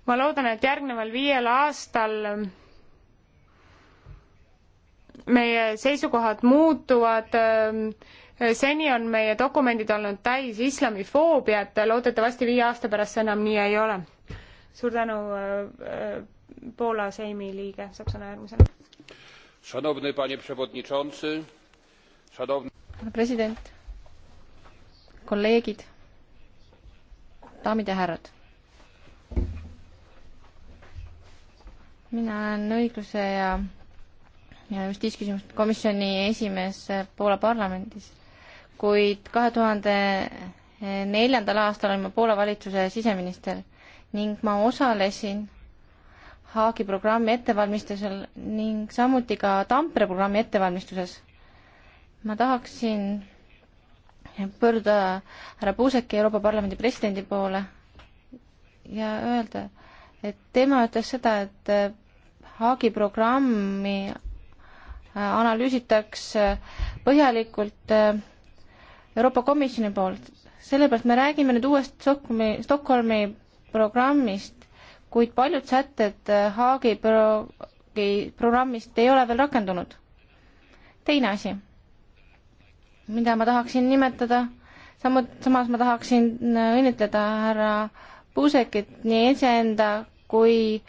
ma loodan, et järgneval viiel aastal meie seisukohad muutuvad. seni on meie dokumendid olnud täis islamifoobiat, loodetavasti viie aasta pärast see enam nii ei ole. suur tänu, Poola Seimi liige, saab sõna järgmisena. Szanowny panie przewodniczący, szanowny president, kolleegid, daamid ja härrad mina olen õigluse ja, ja justiitsküsimuste komisjoni esimees Poola parlamendis, kuid kahe tuhande neljandal aastal olin ma Poola valitsuse siseminister ning ma osalesin Haagi programmi ettevalmistusel ning samuti ka Tampere programmi ettevalmistuses. ma tahaksin pöörduda härra Puuseki Euroopa Parlamendi presidendi poole ja öelda, et tema ütles seda, et eh, Haagi programmi eh, analüüsitakse eh, põhjalikult Euroopa Komisjoni poolt. sellepärast me räägime nüüd uuest Stockholmi, Stockholmi programmist, kuid paljud sätted Haagi pro-, programmist ei ole veel rakendunud. teine asi, mida ma tahaksin nimetada, samu-, samas ma tahaksin õnnitleda härra Puusekit nii iseenda kui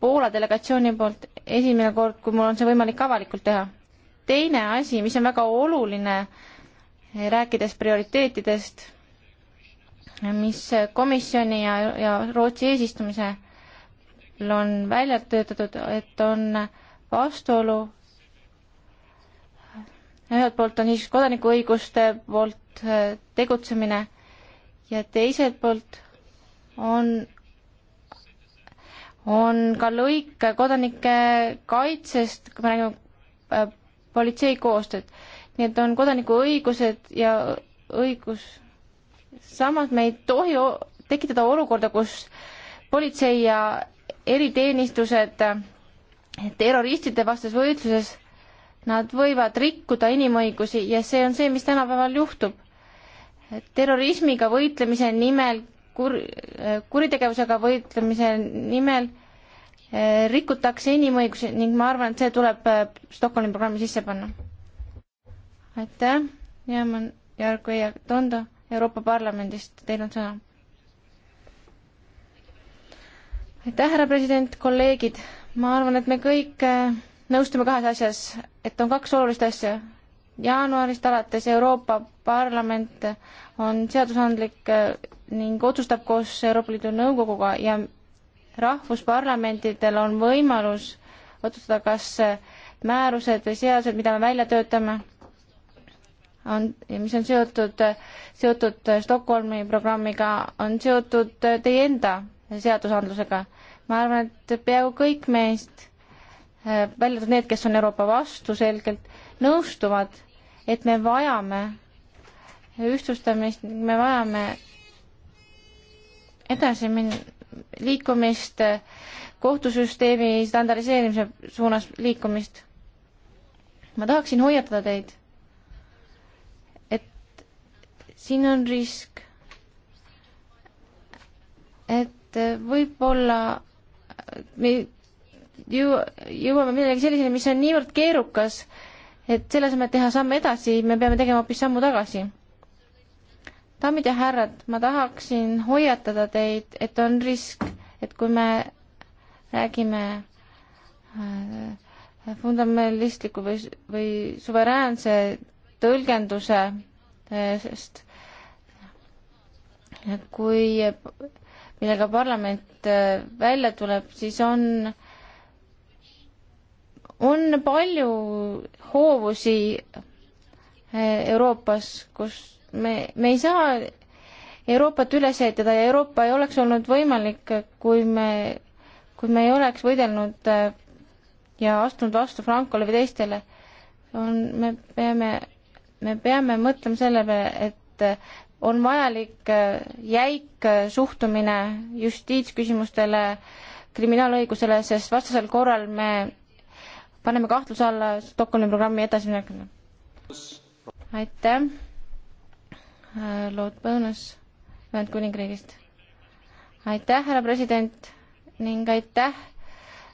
Poola delegatsiooni poolt esimene kord, kui mul on see võimalik avalikult teha. teine asi, mis on väga oluline, eh, rääkides prioriteetidest, mis komisjoni ja, ja Rootsi eesistumisel on välja töötatud, et on vastuolu ühelt poolt on siis kodanikuõiguste poolt eh, tegutsemine ja teiselt poolt on on ka lõik kodanike kaitsest, kui me räägime äh, politsei koostööd. nii et on kodanikuõigused ja õigus, samas me ei tohi tekitada olukorda, kus politsei ja eriteenistused äh, terroristide vastases võitluses, nad võivad rikkuda inimõigusi ja see on see, mis tänapäeval juhtub. terrorismiga võitlemise nimel kur, kuritegevusega võitlemise nimel eh, rikutakse inimõigusi ning ma arvan, et see tuleb eh, Stockholmi programmi sisse panna. aitäh, jääme Jarko ja Tondo Euroopa Parlamendist, teil on sõna. aitäh, härra president, kolleegid, ma arvan, et me kõik eh, nõustume kahes asjas, et on kaks olulist asja. jaanuarist alates Euroopa Parlament on seadusandlik äh, ning otsustab koos Euroopa Liidu Nõukoguga ja rahvusparlamentidel on võimalus otsustada, kas äh, määrused või seadused, mida me välja töötame, on, mis on seotud, äh, seotud Stockholmi programmiga, on seotud teie enda seadusandlusega. ma arvan, et peaaegu kõik meist, välja arvatud need, kes on Euroopa vastu selgelt, nõustuvad, et me vajame ühtlustamist, me vajame edasi min-, liikumist, kohtusüsteemi standardiseerimise suunas liikumist. ma tahaksin hoiatada teid, et siin on risk, et võib-olla me jõu-, jõuame millegi selliseni, mis on niivõrd keerukas, et selle asemel, et teha samm edasi, me peame tegema hoopis sammu tagasi daamid ja härrad, ma tahaksin hoiatada teid, et on risk, et kui me räägime äh, fundamentalistliku või, või suveräänse tõlgendusest, äh, kui, millega parlament äh, välja tuleb, siis on, on palju hoovusi Euroopas, kus me, me ei saa Euroopat üles ehitada ja Euroopa ei oleks olnud võimalik, kui me, kui me ei oleks võidelnud äh, ja astunud vastu Francole või teistele. on, me peame, me peame mõtlema selle peale, et äh, on vajalik äh, jäik suhtumine justiitsküsimustele, kriminaalõigusele, sest vastasel korral me paneme kahtluse alla Stockholmi programmi edasiminekuna. aitäh! Äh, Lord Bonus Ühendkuningriigist. aitäh, härra president ning aitäh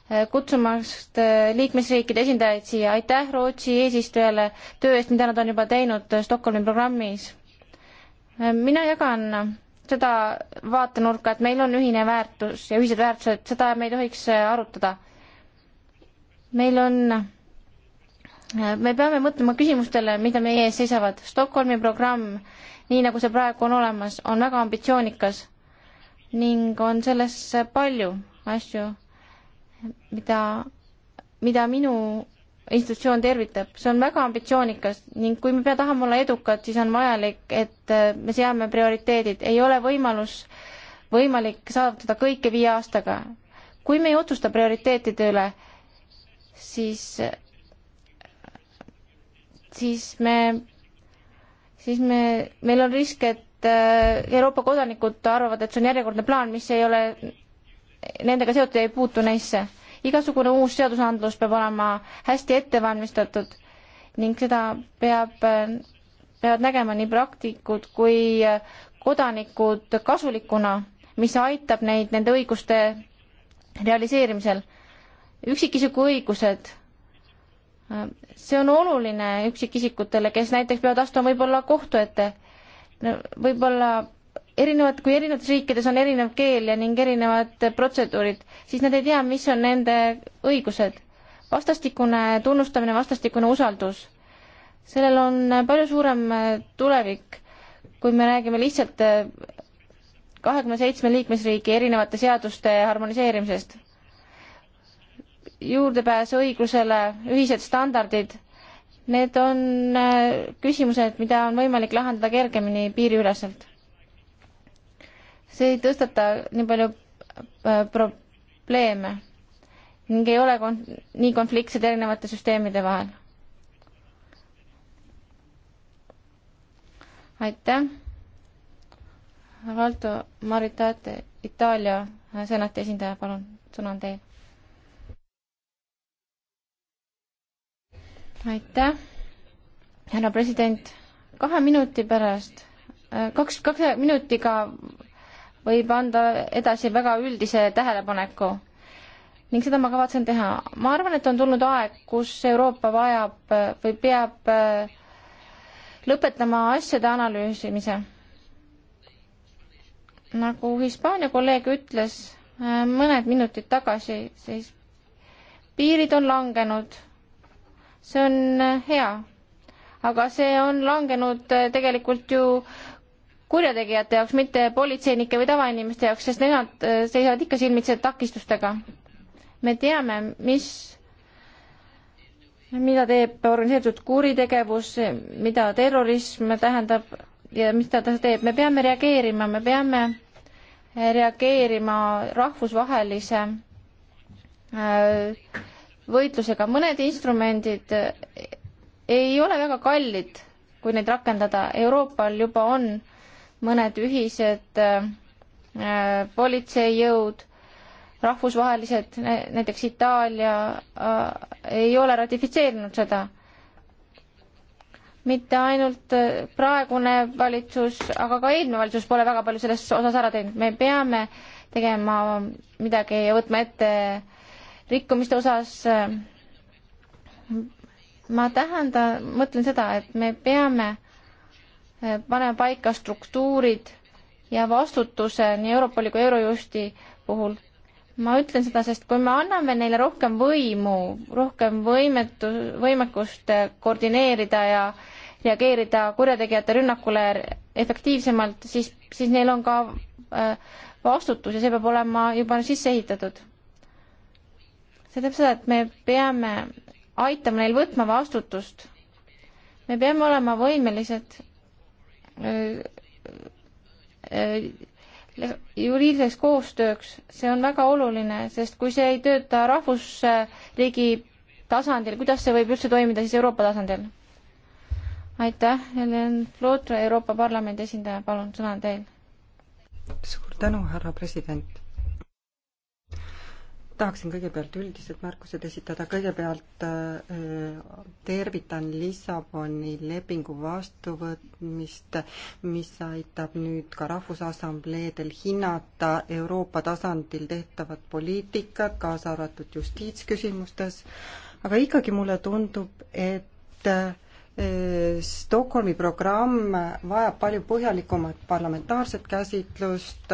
äh, kutsumast äh, liikmesriikide esindajaid siia, aitäh Rootsi eesistujale töö eest, mida nad on juba teinud Stockholmi programmis. mina jagan seda vaatenurka, et meil on ühine väärtus ja ühised väärtused, seda me ei tohiks arutada. meil on, me peame mõtlema küsimustele, mida meie ees seisavad. Stockholmi programm nii nagu see praegu on olemas, on väga ambitsioonikas ning on selles palju asju, mida, mida minu institutsioon tervitab, see on väga ambitsioonikas ning kui me pea tahame olla edukad, siis on vajalik, et äh, me seame prioriteedid, ei ole võimalus, võimalik saavutada kõike viie aastaga. kui me ei otsusta prioriteetide üle, siis, siis me siis me, meil on risk, et äh, Euroopa kodanikud arvavad, et see on järjekordne plaan, mis ei ole nendega seotud ja ei puutu neisse. igasugune uus seadusandlus peab olema hästi ette valmistatud ning seda peab, äh, peavad nägema nii praktikud kui äh, kodanikud kasulikuna, mis aitab neid nende õiguste realiseerimisel. üksikisiku õigused see on oluline üksikisikutele, kes näiteks peavad astuma võib-olla kohtu ette. võib-olla erinevad, kui erinevates riikides on erinev keel ja ning erinevad protseduurid, siis nad ei tea, mis on nende õigused. vastastikune tunnustamine, vastastikune usaldus, sellel on palju suurem tulevik, kui me räägime lihtsalt kahekümne seitsme liikmesriigi erinevate seaduste harmoniseerimisest juurdepääsuõigusele, ühised standardid, need on äh, küsimused, mida on võimalik lahendada kergemini piiriüleselt. see ei tõstata nii palju äh, probleeme ning ei ole kon-, nii konfliktsed erinevate süsteemide vahel. aitäh. Valdo Maritate, Itaalia äh, senati esindaja, palun, sõna on teil aitäh, härra president. kahe minuti pärast, äh, kaks, kahe minutiga võib anda edasi väga üldise tähelepaneku ning seda ma kavatsen teha. ma arvan, et on tulnud aeg, kus Euroopa vajab äh, või peab äh, lõpetama asjade analüüsimise. nagu Hispaania kolleeg ütles mõned minutid tagasi, siis piirid on langenud see on äh, hea. aga see on langenud äh, tegelikult ju kurjategijate jaoks, mitte politseinike või tavainimeste jaoks, sest nemad äh, seisavad ikka silmitsi takistustega. me teame, mis, mida teeb organiseeritud kuritegevus, mida terrorism tähendab ja mis ta teeb, me peame reageerima, me peame reageerima rahvusvahelise äh, võitlusega. mõned instrumendid eh, ei ole väga kallid, kui neid rakendada. Euroopal juba on mõned ühised äh, politseijõud, rahvusvahelised, näiteks Itaalia äh, ei ole ratifitseerinud seda. mitte ainult praegune valitsus, aga ka eelmine valitsus pole väga palju selles osas ära teinud. me peame tegema midagi ja võtma ette äh, rikkumiste osas äh, ma tähenda, mõtlen seda, et me peame äh, panema paika struktuurid ja vastutuse nii Europoli kui Eurojusti puhul. ma ütlen seda, sest kui me anname neile rohkem võimu, rohkem võimetu, võimekust äh, koordineerida ja reageerida kurjategijate rünnakule efektiivsemalt, siis, siis neil on ka vastutus ja see peab olema juba sisse ehitatud see tähendab seda, et me peame aitama neil võtma vastutust. me peame olema võimelised juriidiliseks koostööks, see on väga oluline, sest kui see ei tööta rahvusriigi tasandil, kuidas see võib üldse toimida siis Euroopa tasandil? aitäh, Helen Flotre, Euroopa Parlamendi esindaja, palun, sõna on teil. suur tänu, härra president tahaksin kõigepealt üldised märkused esitada, kõigepealt äh, tervitan Lissaboni lepingu vastuvõtmist, mis aitab nüüd ka Rahvusassambleedel hinnata Euroopa tasandil tehtavat poliitikat, kaasa arvatud justiitsküsimustes, aga ikkagi mulle tundub, et äh, Stockholmi programm vajab palju põhjalikumat parlamentaarset käsitlust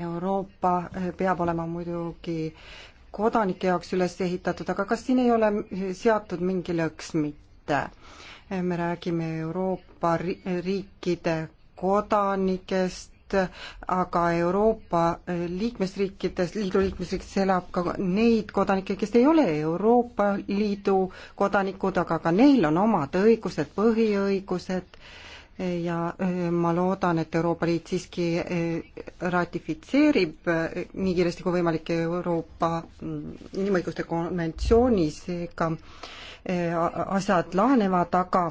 Euroopa eh, peab olema muidugi kodanike jaoks üles ehitatud, aga kas siin ei ole eh, seatud mingi lõks mitte? Eh, me räägime Euroopa riikide kodanikest, aga Euroopa liikmesriikides, liidu liikmesriikides elab ka neid kodanikke, kes ei ole Euroopa Liidu kodanikud, aga ka neil on omad õigused, põhiõigused ja äh, ma loodan, et Euroopa Liit siiski äh, ratifitseerib äh, nii kiiresti kui võimalik Euroopa mm, inimõiguste konventsiooni, seega asjad lahenevad, aga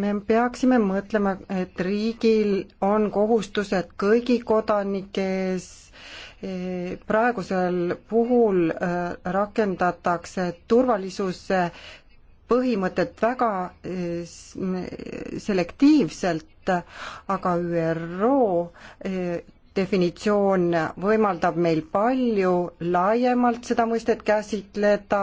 me peaksime mõtlema, et riigil on kohustused kõigi kodanike ees, praegusel puhul rakendatakse turvalisuse põhimõtet väga eh, selektiivselt, aga ÜRO eh, definitsioon võimaldab meil palju laiemalt seda mõistet käsitleda,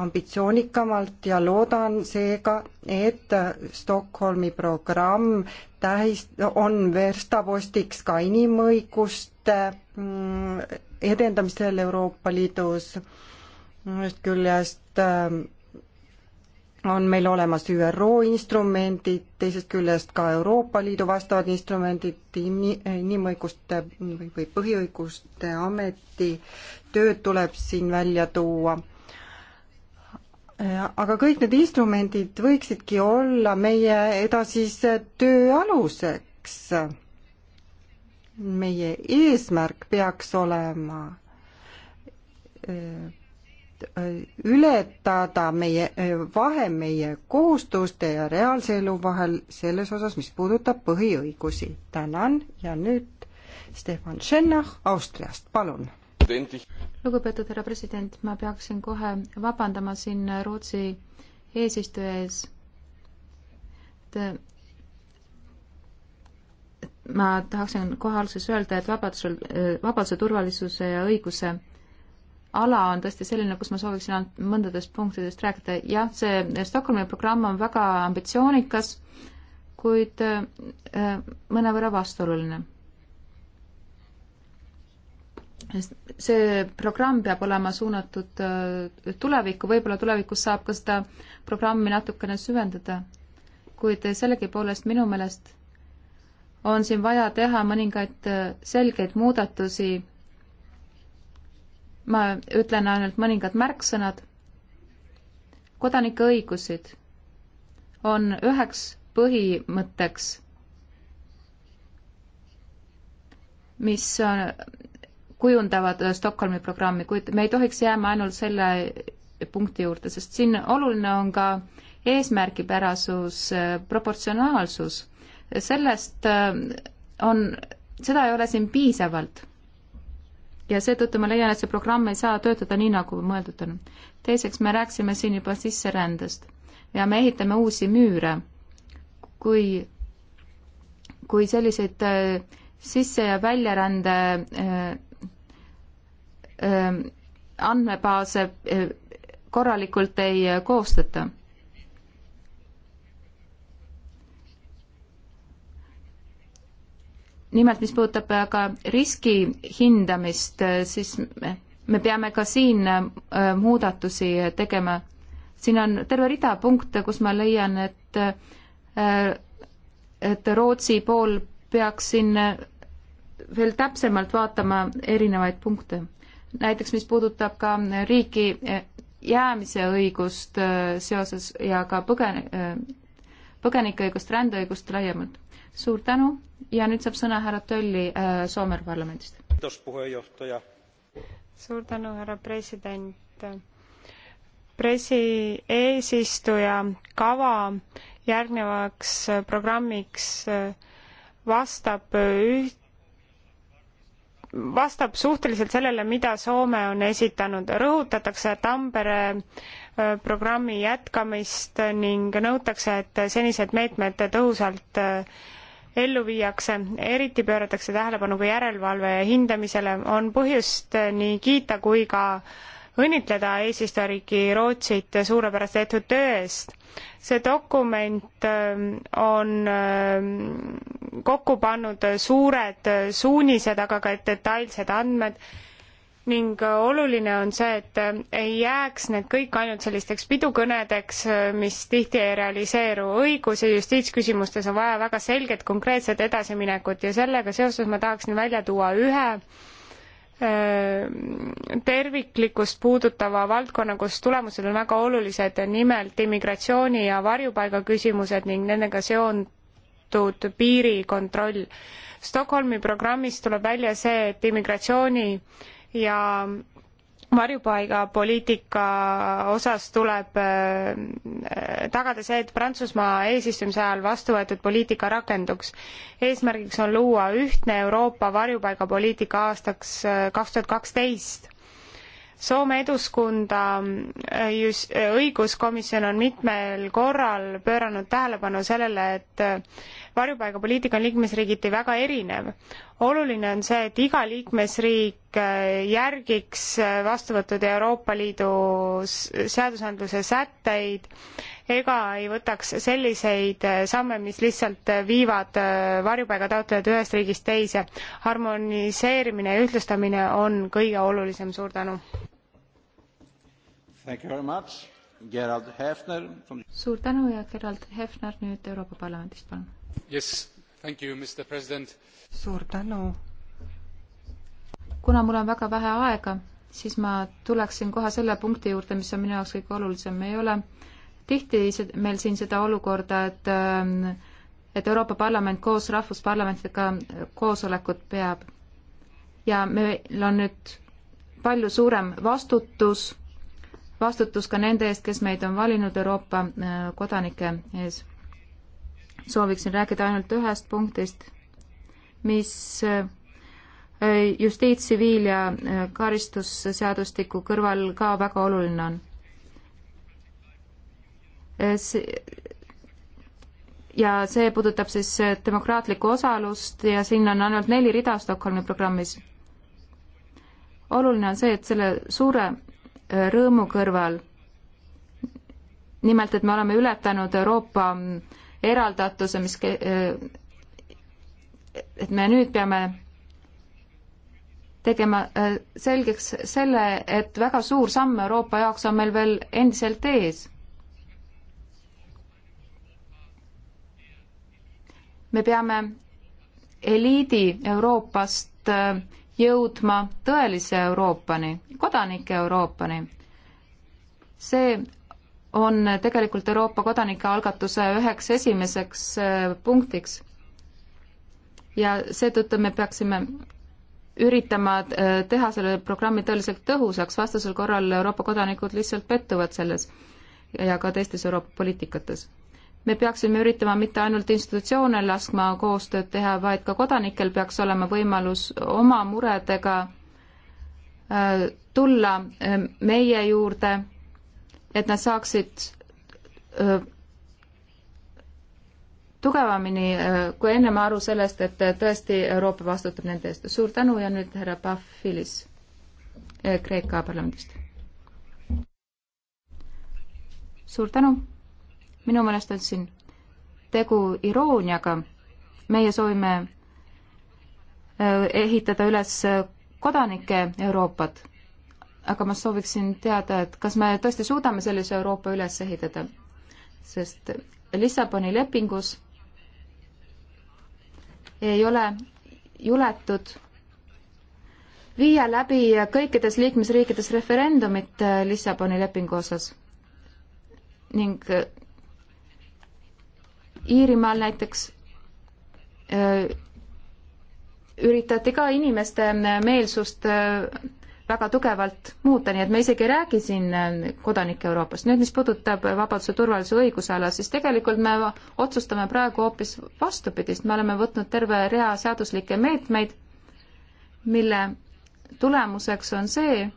ambitsioonikamalt ja loodan seega, et Stockholmi programm tähis, on verstapostiks ka inimõiguste mm, edendamisel Euroopa Liidus. ühest küljest ähm, on meil olemas ÜRO instrumendid, teisest küljest ka Euroopa Liidu vastavad instrumendid, inimõiguste või põhiõiguste ameti tööd tuleb siin välja tuua. aga kõik need instrumendid võiksidki olla meie edasise töö aluseks. meie eesmärk peaks olema eh, Äh, ületada meie äh, vahe meie kohustuste ja reaalse elu vahel selles osas, mis puudutab põhiõigusi. tänan ja nüüd Stefan Schennach Austriast, palun. lugupeetud härra president, ma peaksin kohe vabandama siin Rootsi eesistuja ees. et ma tahaksin kohe alguses öelda, et vabadusel, äh, vabaduse, turvalisuse ja õiguse äh, ala on tõesti selline, kus ma sooviksin ainult mõndadest punktidest rääkida. jah, see Stockholmi programm on väga ambitsioonikas, kuid äh, äh, mõnevõrra vastuoluline. see programm peab olema suunatud äh, tulevikku, võib-olla tulevikus saab ka seda programmi natukene süvendada, kuid sellegipoolest minu meelest on siin vaja teha mõningaid selgeid muudatusi ma ütlen ainult mõningad märksõnad. kodanike õigused on üheks põhimõtteks, mis kujundavad Stockholmi programmi, kuid me ei tohiks jääma ainult selle punkti juurde, sest siin oluline on ka eesmärgipärasus, proportsionaalsus. sellest äh, on, seda ei ole siin piisavalt ja seetõttu ma leian, et see programm ei saa töötada nii, nagu mõeldud on. teiseks, me rääkisime siin juba sisserändest ja me ehitame uusi müüre. kui, kui selliseid äh, sisse- ja väljarände äh, äh, andmebaase äh, korralikult ei äh, koostata. nimelt, mis puudutab aga riski hindamist, siis me peame ka siin äh, muudatusi tegema. siin on terve rida punkte, kus ma leian, et äh, et Rootsi pool peaks siin veel täpsemalt vaatama erinevaid punkte. näiteks mis puudutab ka riiki äh, jäämise õigust seoses ja ka põgen-, põgenikeõigust, rändeõigust laiemalt suur tänu ja nüüd saab sõna härra Tölli äh, Soome parlamendist. suur tänu, härra president. pressi eesistuja kava järgnevaks programmiks vastab üht vastab suhteliselt sellele, mida Soome on esitanud. rõhutatakse Tampere äh, programmi jätkamist ning nõutakse, et senised meetmed tõhusalt äh, ellu viiakse, eriti pööratakse tähelepanu ka järelevalve ja hindamisele, on põhjust nii kiita kui ka õnnitleda eesistujariiki Rootsit suurepärast tehtud töö eest. see dokument ähm, on ähm, kokku pannud suured suunised, aga ka detailsed andmed ning oluline on see, et ei jääks need kõik ainult sellisteks pidukõnedeks, mis tihti ei realiseeru. õigus- ja justiitsküsimustes on vaja väga selget konkreetset edasiminekut ja sellega seoses ma tahaksin välja tuua ühe äh, terviklikkust puudutava valdkonna, kus tulemused on väga olulised, nimelt immigratsiooni ja varjupaiga küsimused ning nendega seonduv piirikontroll. Stockholmi programmis tuleb välja see, et immigratsiooni äh, ja varjupaigapoliitika osas tuleb äh, tagada see, et Prantsusmaa eesistumise ajal vastu võetud poliitika rakenduks. eesmärgiks on luua ühtne Euroopa varjupaigapoliitika aastaks äh, kaks tuhat kaksteist Soome Eduskunta äh, just, õiguskomisjon on mitmel korral pööranud tähelepanu sellele, et varjupaigapoliitika on liikmesriigiti väga erinev. oluline on see, et iga liikmesriik äh, järgiks äh, vastu võetud Euroopa Liidu seadusandluse sätteid ega ei võtaks selliseid äh, samme, mis lihtsalt viivad varjupaigataotlejad ühest riigist teise. harmoniseerimine ja ühtlustamine on kõige olulisem, suur tänu! suur tänu ja Gerald Hefner nüüd Euroopa Parlamendist, palun! yes,. suur tänu. kuna mul on väga vähe aega, siis ma tuleksin kohe selle punkti juurde, mis on minu jaoks kõige olulisem. ei ole tihti meil siin seda olukorda, et ähm, et Euroopa Parlament koos rahvusparlamentidega äh, koosolekut peab. ja meil on nüüd palju suurem vastutus, vastutus ka nende eest, kes meid on valinud Euroopa äh, kodanike ees sooviksin rääkida ainult ühest punktist, mis äh, justiits-, tsiviil- ja äh, karistusseadustiku kõrval ka väga oluline on. Äh, ja see puudutab siis demokraatlikku osalust ja siin on ainult neli rida Stockholmi programmis. oluline on see, et selle suure rõõmu kõrval nimelt, et me oleme ületanud Euroopa äh, eraldatuse, mis, äh, et me nüüd peame tegema äh, selgeks selle, et väga suur samm Euroopa jaoks on meil veel endiselt ees. me peame eliidi Euroopast äh, jõudma tõelise Euroopani, kodanike Euroopani. see on tegelikult Euroopa kodanikealgatuse üheks esimeseks äh, punktiks. ja seetõttu me peaksime üritama äh, teha selle programmi tõeliselt tõhusaks, vastasel korral Euroopa kodanikud lihtsalt pettuvad selles ja ka teistes Euroopa poliitikates. me peaksime üritama mitte ainult institutsioone laskma koostööd teha, vaid ka kodanikel peaks olema võimalus oma muredega äh, tulla meie juurde et nad saaksid öö, tugevamini kui ennem aru sellest, et tõesti Euroopa vastutab nende eest. suur tänu ja nüüd härra Pafilis Kreeka parlamendist. suur tänu. minu meelest on siin tegu irooniaga. meie soovime ehitada üles kodanike Euroopat aga ma sooviksin teada, et kas me tõesti suudame sellise Euroopa üles ehitada, sest Lissaboni lepingus ei ole juletud viia läbi kõikides liikmesriikides referendumit Lissaboni lepingu osas ning äh, Iirimaal näiteks äh, üritati ka inimeste meelsust äh, väga tugevalt muuta, nii et me isegi ei räägi siin äh, kodanike Euroopast. nüüd, mis puudutab äh, vabaduse, turvalisuse õigusala, siis tegelikult me otsustame praegu hoopis vastupidist, me oleme võtnud terve rea seaduslikke meetmeid, mille tulemuseks on see,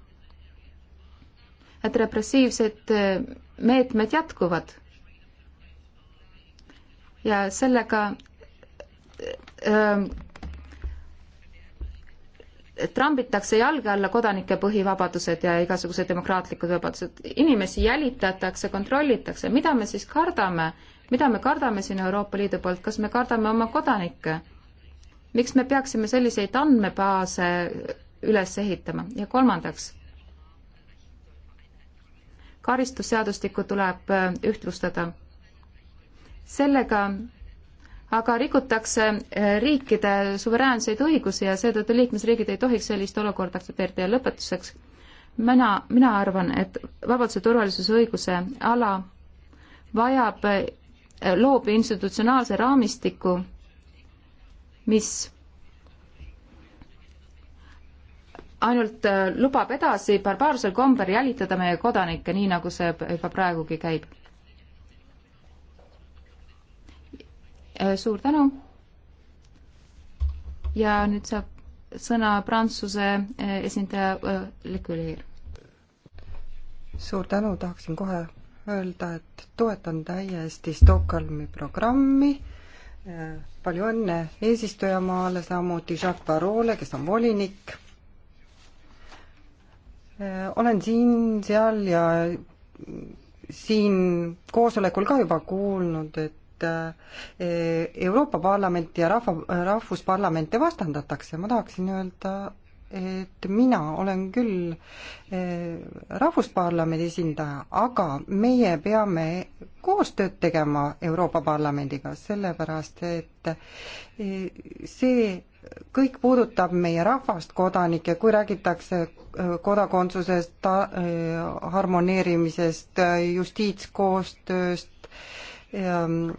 et repressiivsed äh, meetmed jätkuvad. ja sellega öö, trambitakse jalge alla kodanike põhivabadused ja igasugused demokraatlikud vabadused. inimesi jälitatakse, kontrollitakse, mida me siis kardame, mida me kardame siin Euroopa Liidu poolt, kas me kardame oma kodanikke? miks me peaksime selliseid andmebaase üles ehitama ja kolmandaks, karistusseadustikku tuleb ühtlustada. sellega aga rikutakse eh, riikide suveräänseid õigusi ja seetõttu liikmesriigid ei tohiks sellist olukorda aktsepteerida ja lõpetuseks mina, mina arvan, et vabaduse turvalisuse õiguse ala vajab, eh, loob institutsionaalse raamistiku, mis ainult eh, lubab edasi barbaarsel kombel jälitada meie kodanikke, nii nagu see juba praegugi käib Äh, suur tänu. ja nüüd saab sõna Prantsuse äh, esindaja äh, Lekulier. suur tänu, tahaksin kohe öelda, et toetan täiesti Stockholmi programmi palju õnne eesistujamaale, samuti Jacques Barole, kes on volinik. olen siin, seal ja siin koosolekul ka juba kuulnud, et E, Euroopa Parlamenti ja rahva, rahvusparlamente vastandatakse, ma tahaksin öelda, et mina olen küll e, rahvusparlamendi esindaja, aga meie peame koostööd tegema Euroopa Parlamendiga, sellepärast et e, see kõik puudutab meie rahvast, kodanikke, kui räägitakse kodakondsusest, harmoneerimisest, justiitskoostööst, Ähm,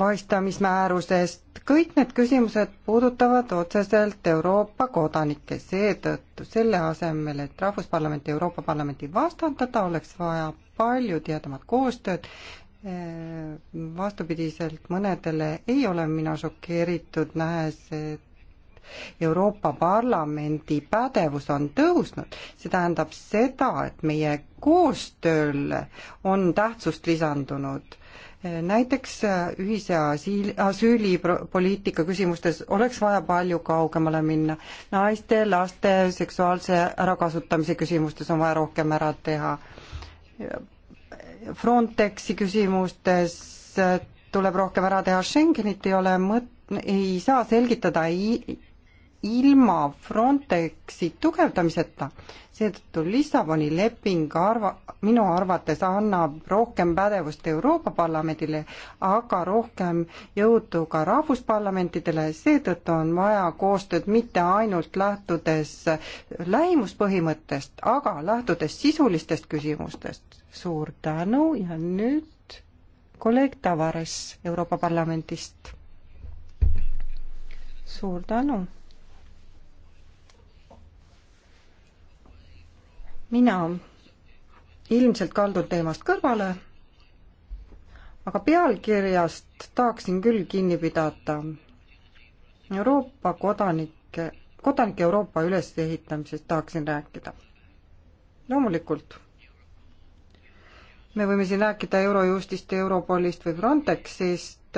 vahistamismäärusest, kõik need küsimused puudutavad otseselt Euroopa kodanikke, seetõttu selle asemel, et Rahvusparlamenti ja Euroopa Parlamenti vastandada, oleks vaja palju tihedamat koostööd, äh, vastupidiselt mõnedele ei ole mina šokeeritud, nähes, et Euroopa Parlamendi pädevus on tõusnud, see tähendab seda, et meie koostööl on tähtsust lisandunud näiteks äh, ühise asiil, asüülipoliitika küsimustes oleks vaja palju kaugemale minna. naiste, laste seksuaalse ärakasutamise küsimustes on vaja rohkem ära teha. Frontexi küsimustes äh, tuleb rohkem ära teha, Schengenit ei ole mõt-, ei saa selgitada ei ilma Frontexi tugevdamiseta. seetõttu Lissaboni leping arva, minu arvates annab rohkem pädevust Euroopa Parlamendile, aga rohkem jõudu ka rahvusparlamentidele, seetõttu on vaja koostööd mitte ainult lähtudes lähimuspõhimõttest, aga lähtudes sisulistest küsimustest. suur tänu ja nüüd kolleeg Tavares Euroopa Parlamendist. suur tänu mina ilmselt kaldun teemast kõrvale, aga pealkirjast tahaksin küll kinni pidada Euroopa kodanike, kodanike Euroopa ülesehitamisest tahaksin rääkida. loomulikult, me võime siin rääkida Eurojustist, Europolist või Frontexist,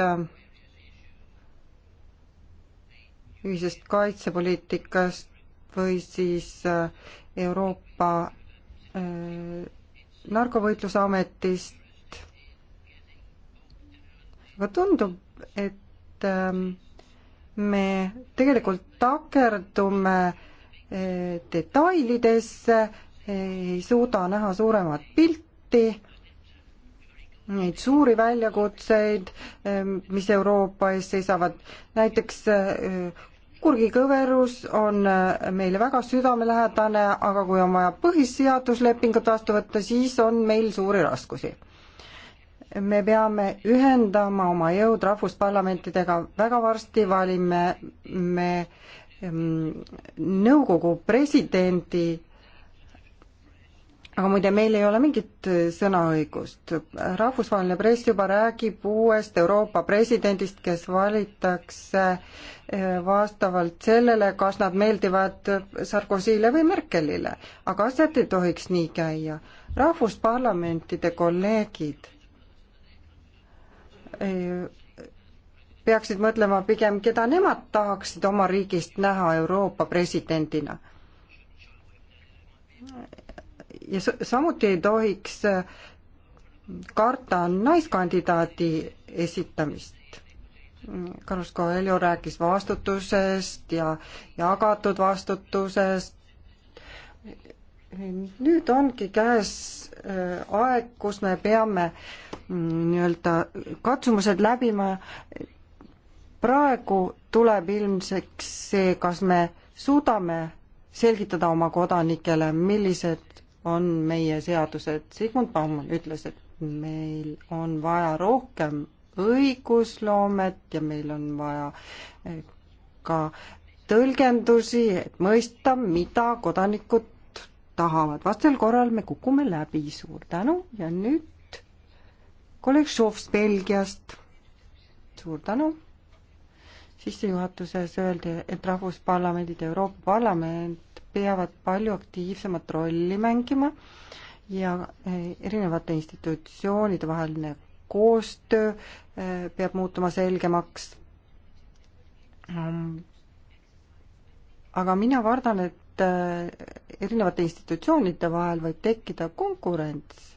ühisest kaitsepoliitikast või siis Euroopa Äh, narkovõitlusametist. aga tundub, et ähm, me tegelikult takerdume äh, detailidesse, äh, ei suuda näha suuremat pilti, neid suuri väljakutseid, mis Euroopa ees seisavad, näiteks kurgikõverus on äh, meile väga südamelähedane, aga kui on vaja põhiseaduslepingut vastu võtta, siis on meil suuri raskusi. me peame ühendama oma jõud rahvusparlamentidega, väga varsti valime me mm, nõukogu presidendi aga muide, meil ei ole mingit äh, sõnaõigust. rahvusvaheline press juba räägib uuest Euroopa presidendist, kes valitakse äh, vastavalt sellele, kas nad meeldivad äh, Sarkozyle või Merkelile. aga asjad ei tohiks nii käia. rahvusparlamentide kolleegid peaksid mõtlema pigem, keda nemad tahaksid oma riigist näha Euroopa presidendina ja samuti ei tohiks äh, karta naiskandidaadi esitamist. Carlos Coelho rääkis vastutusest ja jagatud vastutusest. nüüd ongi käes äh, aeg, kus me peame mm, nii-öelda katsumused läbima. praegu tuleb ilmseks see, kas me suudame selgitada oma kodanikele, millised on meie seadused. Sigmund Baumann ütles, et meil on vaja rohkem õigusloomet ja meil on vaja eh, ka tõlgendusi, et mõista, mida kodanikud tahavad. vastasel korral me kukume läbi. suur tänu ja nüüd kolleeg Šovs Belgiast. suur tänu. sissejuhatuses öeldi, et Rahvusparlamendid ja Euroopa Parlament peavad palju aktiivsemat rolli mängima ja eh, erinevate institutsioonide vaheline koostöö eh, peab muutuma selgemaks. Mm. aga mina kardan, et eh, erinevate institutsioonide vahel võib tekkida konkurents.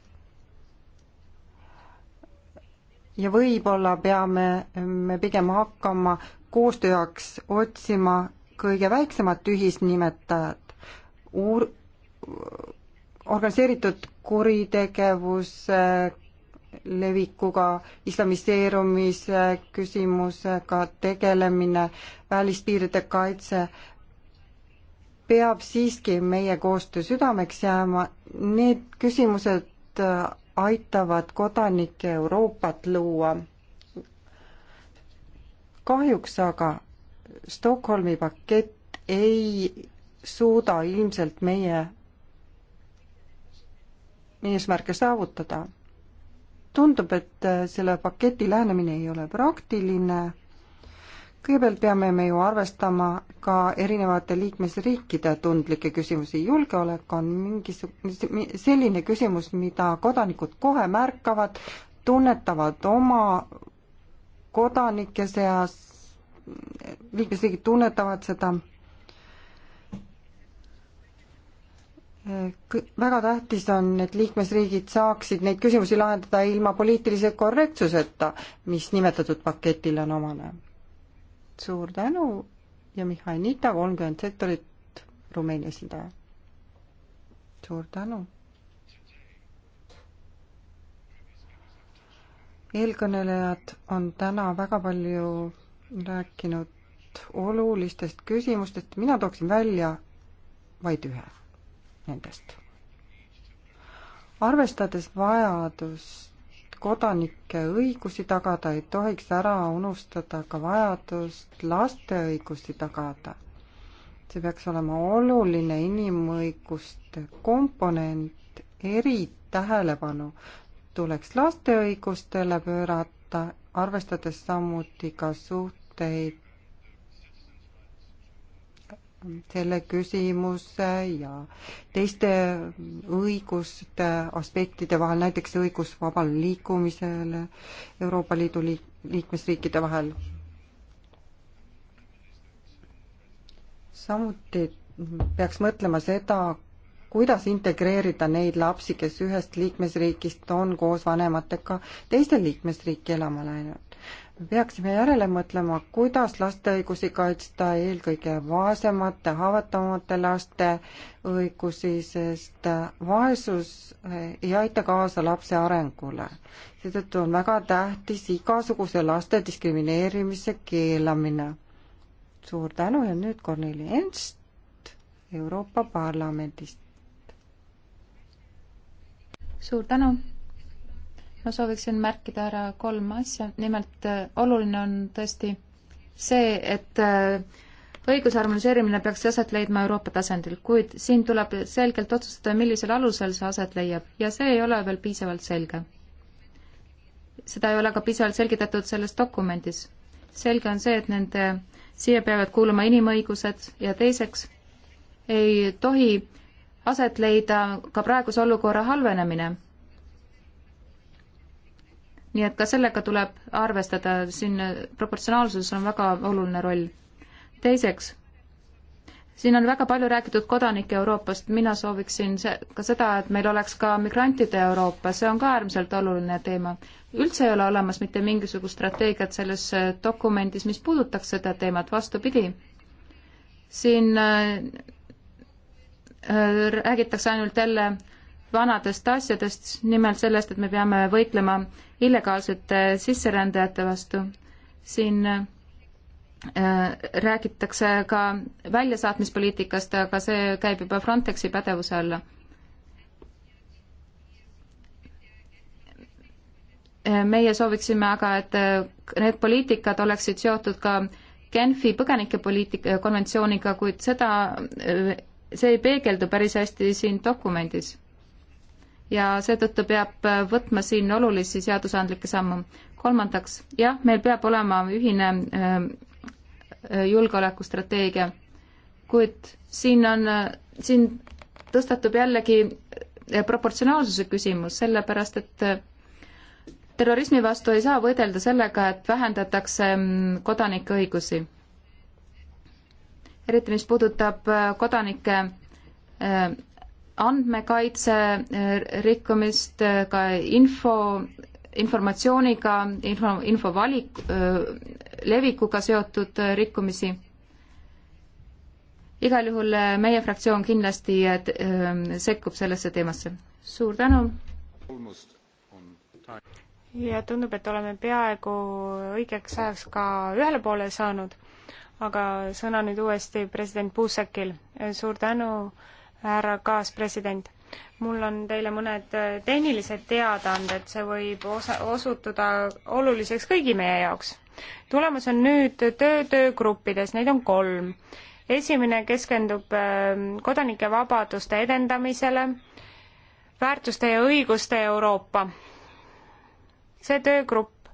ja võib-olla peame me pigem hakkama koostööks otsima kõige väiksemat ühisnimetajat uur-, organiseeritud kuritegevuse levikuga, islamiseerumise küsimusega tegelemine, välispiiride kaitse, peab siiski meie koostöö südameks jääma, need küsimused äh, aitavad kodanike Euroopat luua. kahjuks aga Stockholmi pakett ei suuda ilmselt meie eesmärke saavutada. tundub, et äh, selle paketi lähenemine ei ole praktiline. kõigepealt peame me ju arvestama ka erinevate liikmesriikide tundlikke küsimusi. julgeolek on mingisugune selline küsimus, mida kodanikud kohe märkavad, tunnetavad oma kodanike seas, liikmesriigid tunnetavad seda väga tähtis on, et liikmesriigid saaksid neid küsimusi lahendada ilma poliitilise korrektsuseta, mis nimetatud paketile on omane. suur tänu ja Mihhail Nita, kolmkümmend sektorit, Rumeenia esindaja. suur tänu. eelkõnelejad on täna väga palju rääkinud olulistest küsimustest, mina tooksin välja vaid ühe nendest. arvestades vajadust kodanike õigusi tagada, ei tohiks ära unustada ka vajadust laste õigusi tagada. see peaks olema oluline inimõiguste komponent, eritähelepanu tuleks laste õigustele pöörata, arvestades samuti ka suhteid selle küsimuse ja teiste õiguste aspektide vahel, näiteks õigus vabale liikumisele Euroopa Liidu liik-, liikmesriikide vahel. samuti peaks mõtlema seda, kuidas integreerida neid lapsi, kes ühest liikmesriigist on koos vanematega teise liikmesriiki elama läinud me peaksime järele mõtlema, kuidas laste õigusi kaitsta, eelkõige vaesemate, haavatavamate laste õigusi, sest vaesus eh, ei aita kaasa lapse arengule. seetõttu on väga tähtis igasuguse laste diskrimineerimise keelamine. suur tänu ja nüüd Korneli Enst Euroopa Parlamendist. suur tänu ma sooviksin märkida ära kolm asja, nimelt äh, oluline on tõesti see, et äh, õiguse harmoniseerimine peaks aset leidma Euroopa tasandil, kuid siin tuleb selgelt otsustada, millisel alusel see aset leiab ja see ei ole veel piisavalt selge. seda ei ole ka piisavalt selgitatud selles dokumendis. selge on see, et nende, siia peavad kuuluma inimõigused ja teiseks ei tohi aset leida ka praeguse olukorra halvenemine nii et ka sellega tuleb arvestada, siin proportsionaalsuses on väga oluline roll. teiseks, siin on väga palju räägitud kodanike Euroopast, mina sooviksin see, ka seda, et meil oleks ka migrantide Euroopa, see on ka äärmiselt oluline teema. üldse ei ole olemas mitte mingisugust strateegiat selles äh, dokumendis, mis puudutaks seda teemat, vastupidi, siin äh, äh räägitakse ainult jälle äh, vanadest asjadest, nimelt sellest, et me peame võitlema illegaalsete sisserändajate vastu. siin äh, räägitakse ka väljasaatmispoliitikast, aga see käib juba Frontexi pädevuse alla. meie sooviksime aga, et need poliitikad oleksid seotud ka Genfi põgenikepoliitika konventsiooniga, kuid seda, äh, see ei peegeldu päris hästi siin dokumendis ja seetõttu peab äh, võtma siin olulisi seadusandlikke sammu. kolmandaks, jah, meil peab olema ühine äh, äh, julgeolekustrateegia, kuid siin on, siin tõstatub jällegi proportsionaalsuse küsimus, sellepärast et terrorismi vastu ei saa võidelda sellega, et vähendatakse mm, kodanike õigusi. eriti mis puudutab kodanike andmekaitse eh, rikkumist, eh, ka info, informatsiooniga, info, info valik, eh, levikuga seotud rikkumisi. igal juhul meie fraktsioon kindlasti sekkub sellesse teemasse. suur tänu! ja tundub, et oleme peaaegu õigeks ajaks ka ühele poole saanud, aga sõna nüüd uuesti president Puusekil. suur tänu äh, härra kaaspresident. mul on teile mõned äh, tehnilised teadaanded, see võib osa, osutuda oluliseks kõigi meie jaoks. tulemas on nüüd töö töögruppides, neid on kolm. esimene keskendub ähm, kodanike vabaduste edendamisele, väärtuste ja õiguste Euroopa. see töögrupp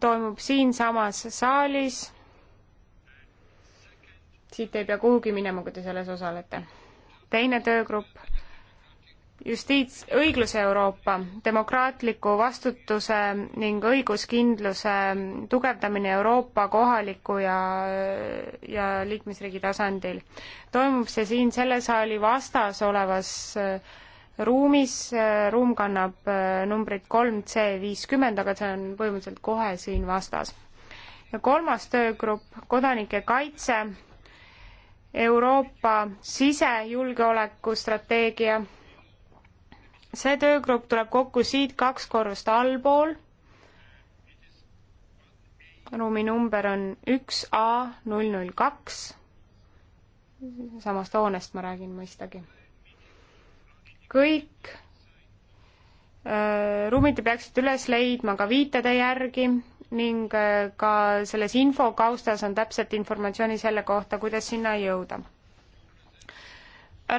toimub siinsamas saalis siit ei pea kuhugi minema, kui te selles osalete teine töögrupp, justiits, õigluse Euroopa, demokraatliku vastutuse ning õiguskindluse tugevdamine Euroopa kohaliku ja, ja liikmesriigi tasandil. toimub see siin selle saali vastas olevas äh, ruumis, äh, ruum kannab äh, numbrit kolm C viiskümmend, aga see on põhimõtteliselt kohe siin vastas. ja kolmas töögrupp, kodanike kaitse Euroopa sisejulgeolekustrateegia. see töögrupp tuleb kokku siit kaks korrust allpool. ruumi number on üks A null null kaks. samast hoonest ma räägin mõistagi. kõik äh, ruumid te peaksite üles leidma ka viitede järgi ning äh, ka selles infokaustas on täpselt informatsiooni selle kohta, kuidas sinna jõuda.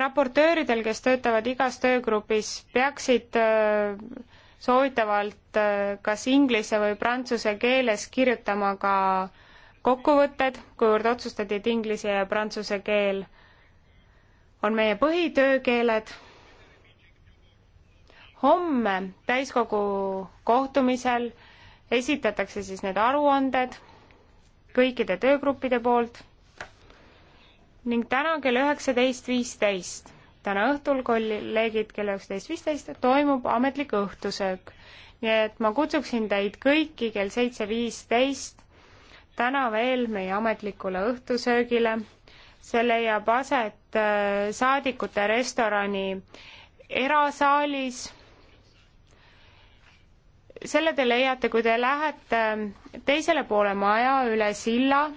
raportööridel, kes töötavad igas töögrupis, peaksid äh, soovitavalt äh, kas inglise või prantsuse keeles kirjutama ka kokkuvõtted, kuivõrd otsustati, et inglise ja prantsuse keel on meie põhitöökeeled. homme täiskogu kohtumisel esitatakse siis need aruanded kõikide töögruppide poolt ning täna kell üheksateist viisteist, täna õhtul kolleegid kell üheksateist viisteist toimub ametlik õhtusöök. nii et ma kutsuksin teid kõiki kell seitse viisteist täna veel meie ametlikule õhtusöögile. see leiab aset äh, saadikute restorani erasaalis selle te leiate, kui te lähete teisele poole maja üle silla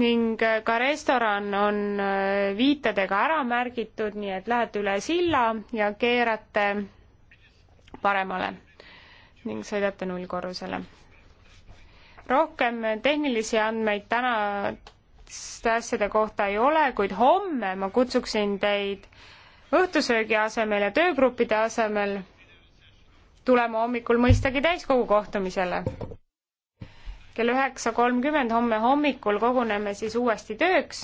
ning ka restoran on äh, viitadega ära märgitud, nii et lähete üle silla ja keerate paremale ning sõidate nullkorrusele. rohkem tehnilisi andmeid tänaste asjade kohta ei ole, kuid homme ma kutsuksin teid õhtusöögi asemel ja töögruppide asemel tulema hommikul mõistagi täiskogu kohtumisele. kell üheksa kolmkümmend homme hommikul koguneme siis uuesti tööks.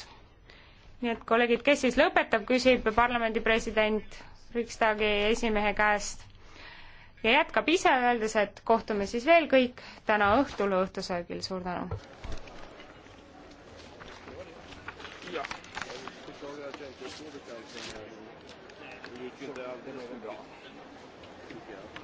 nii et kolleegid, kes siis lõpetab, küsib parlamendi president Riksdagi esimehe käest ja jätkab ise, öeldes, et kohtume siis veel kõik täna õhtul õhtusöögil, suur tänu! Ja, det är bra.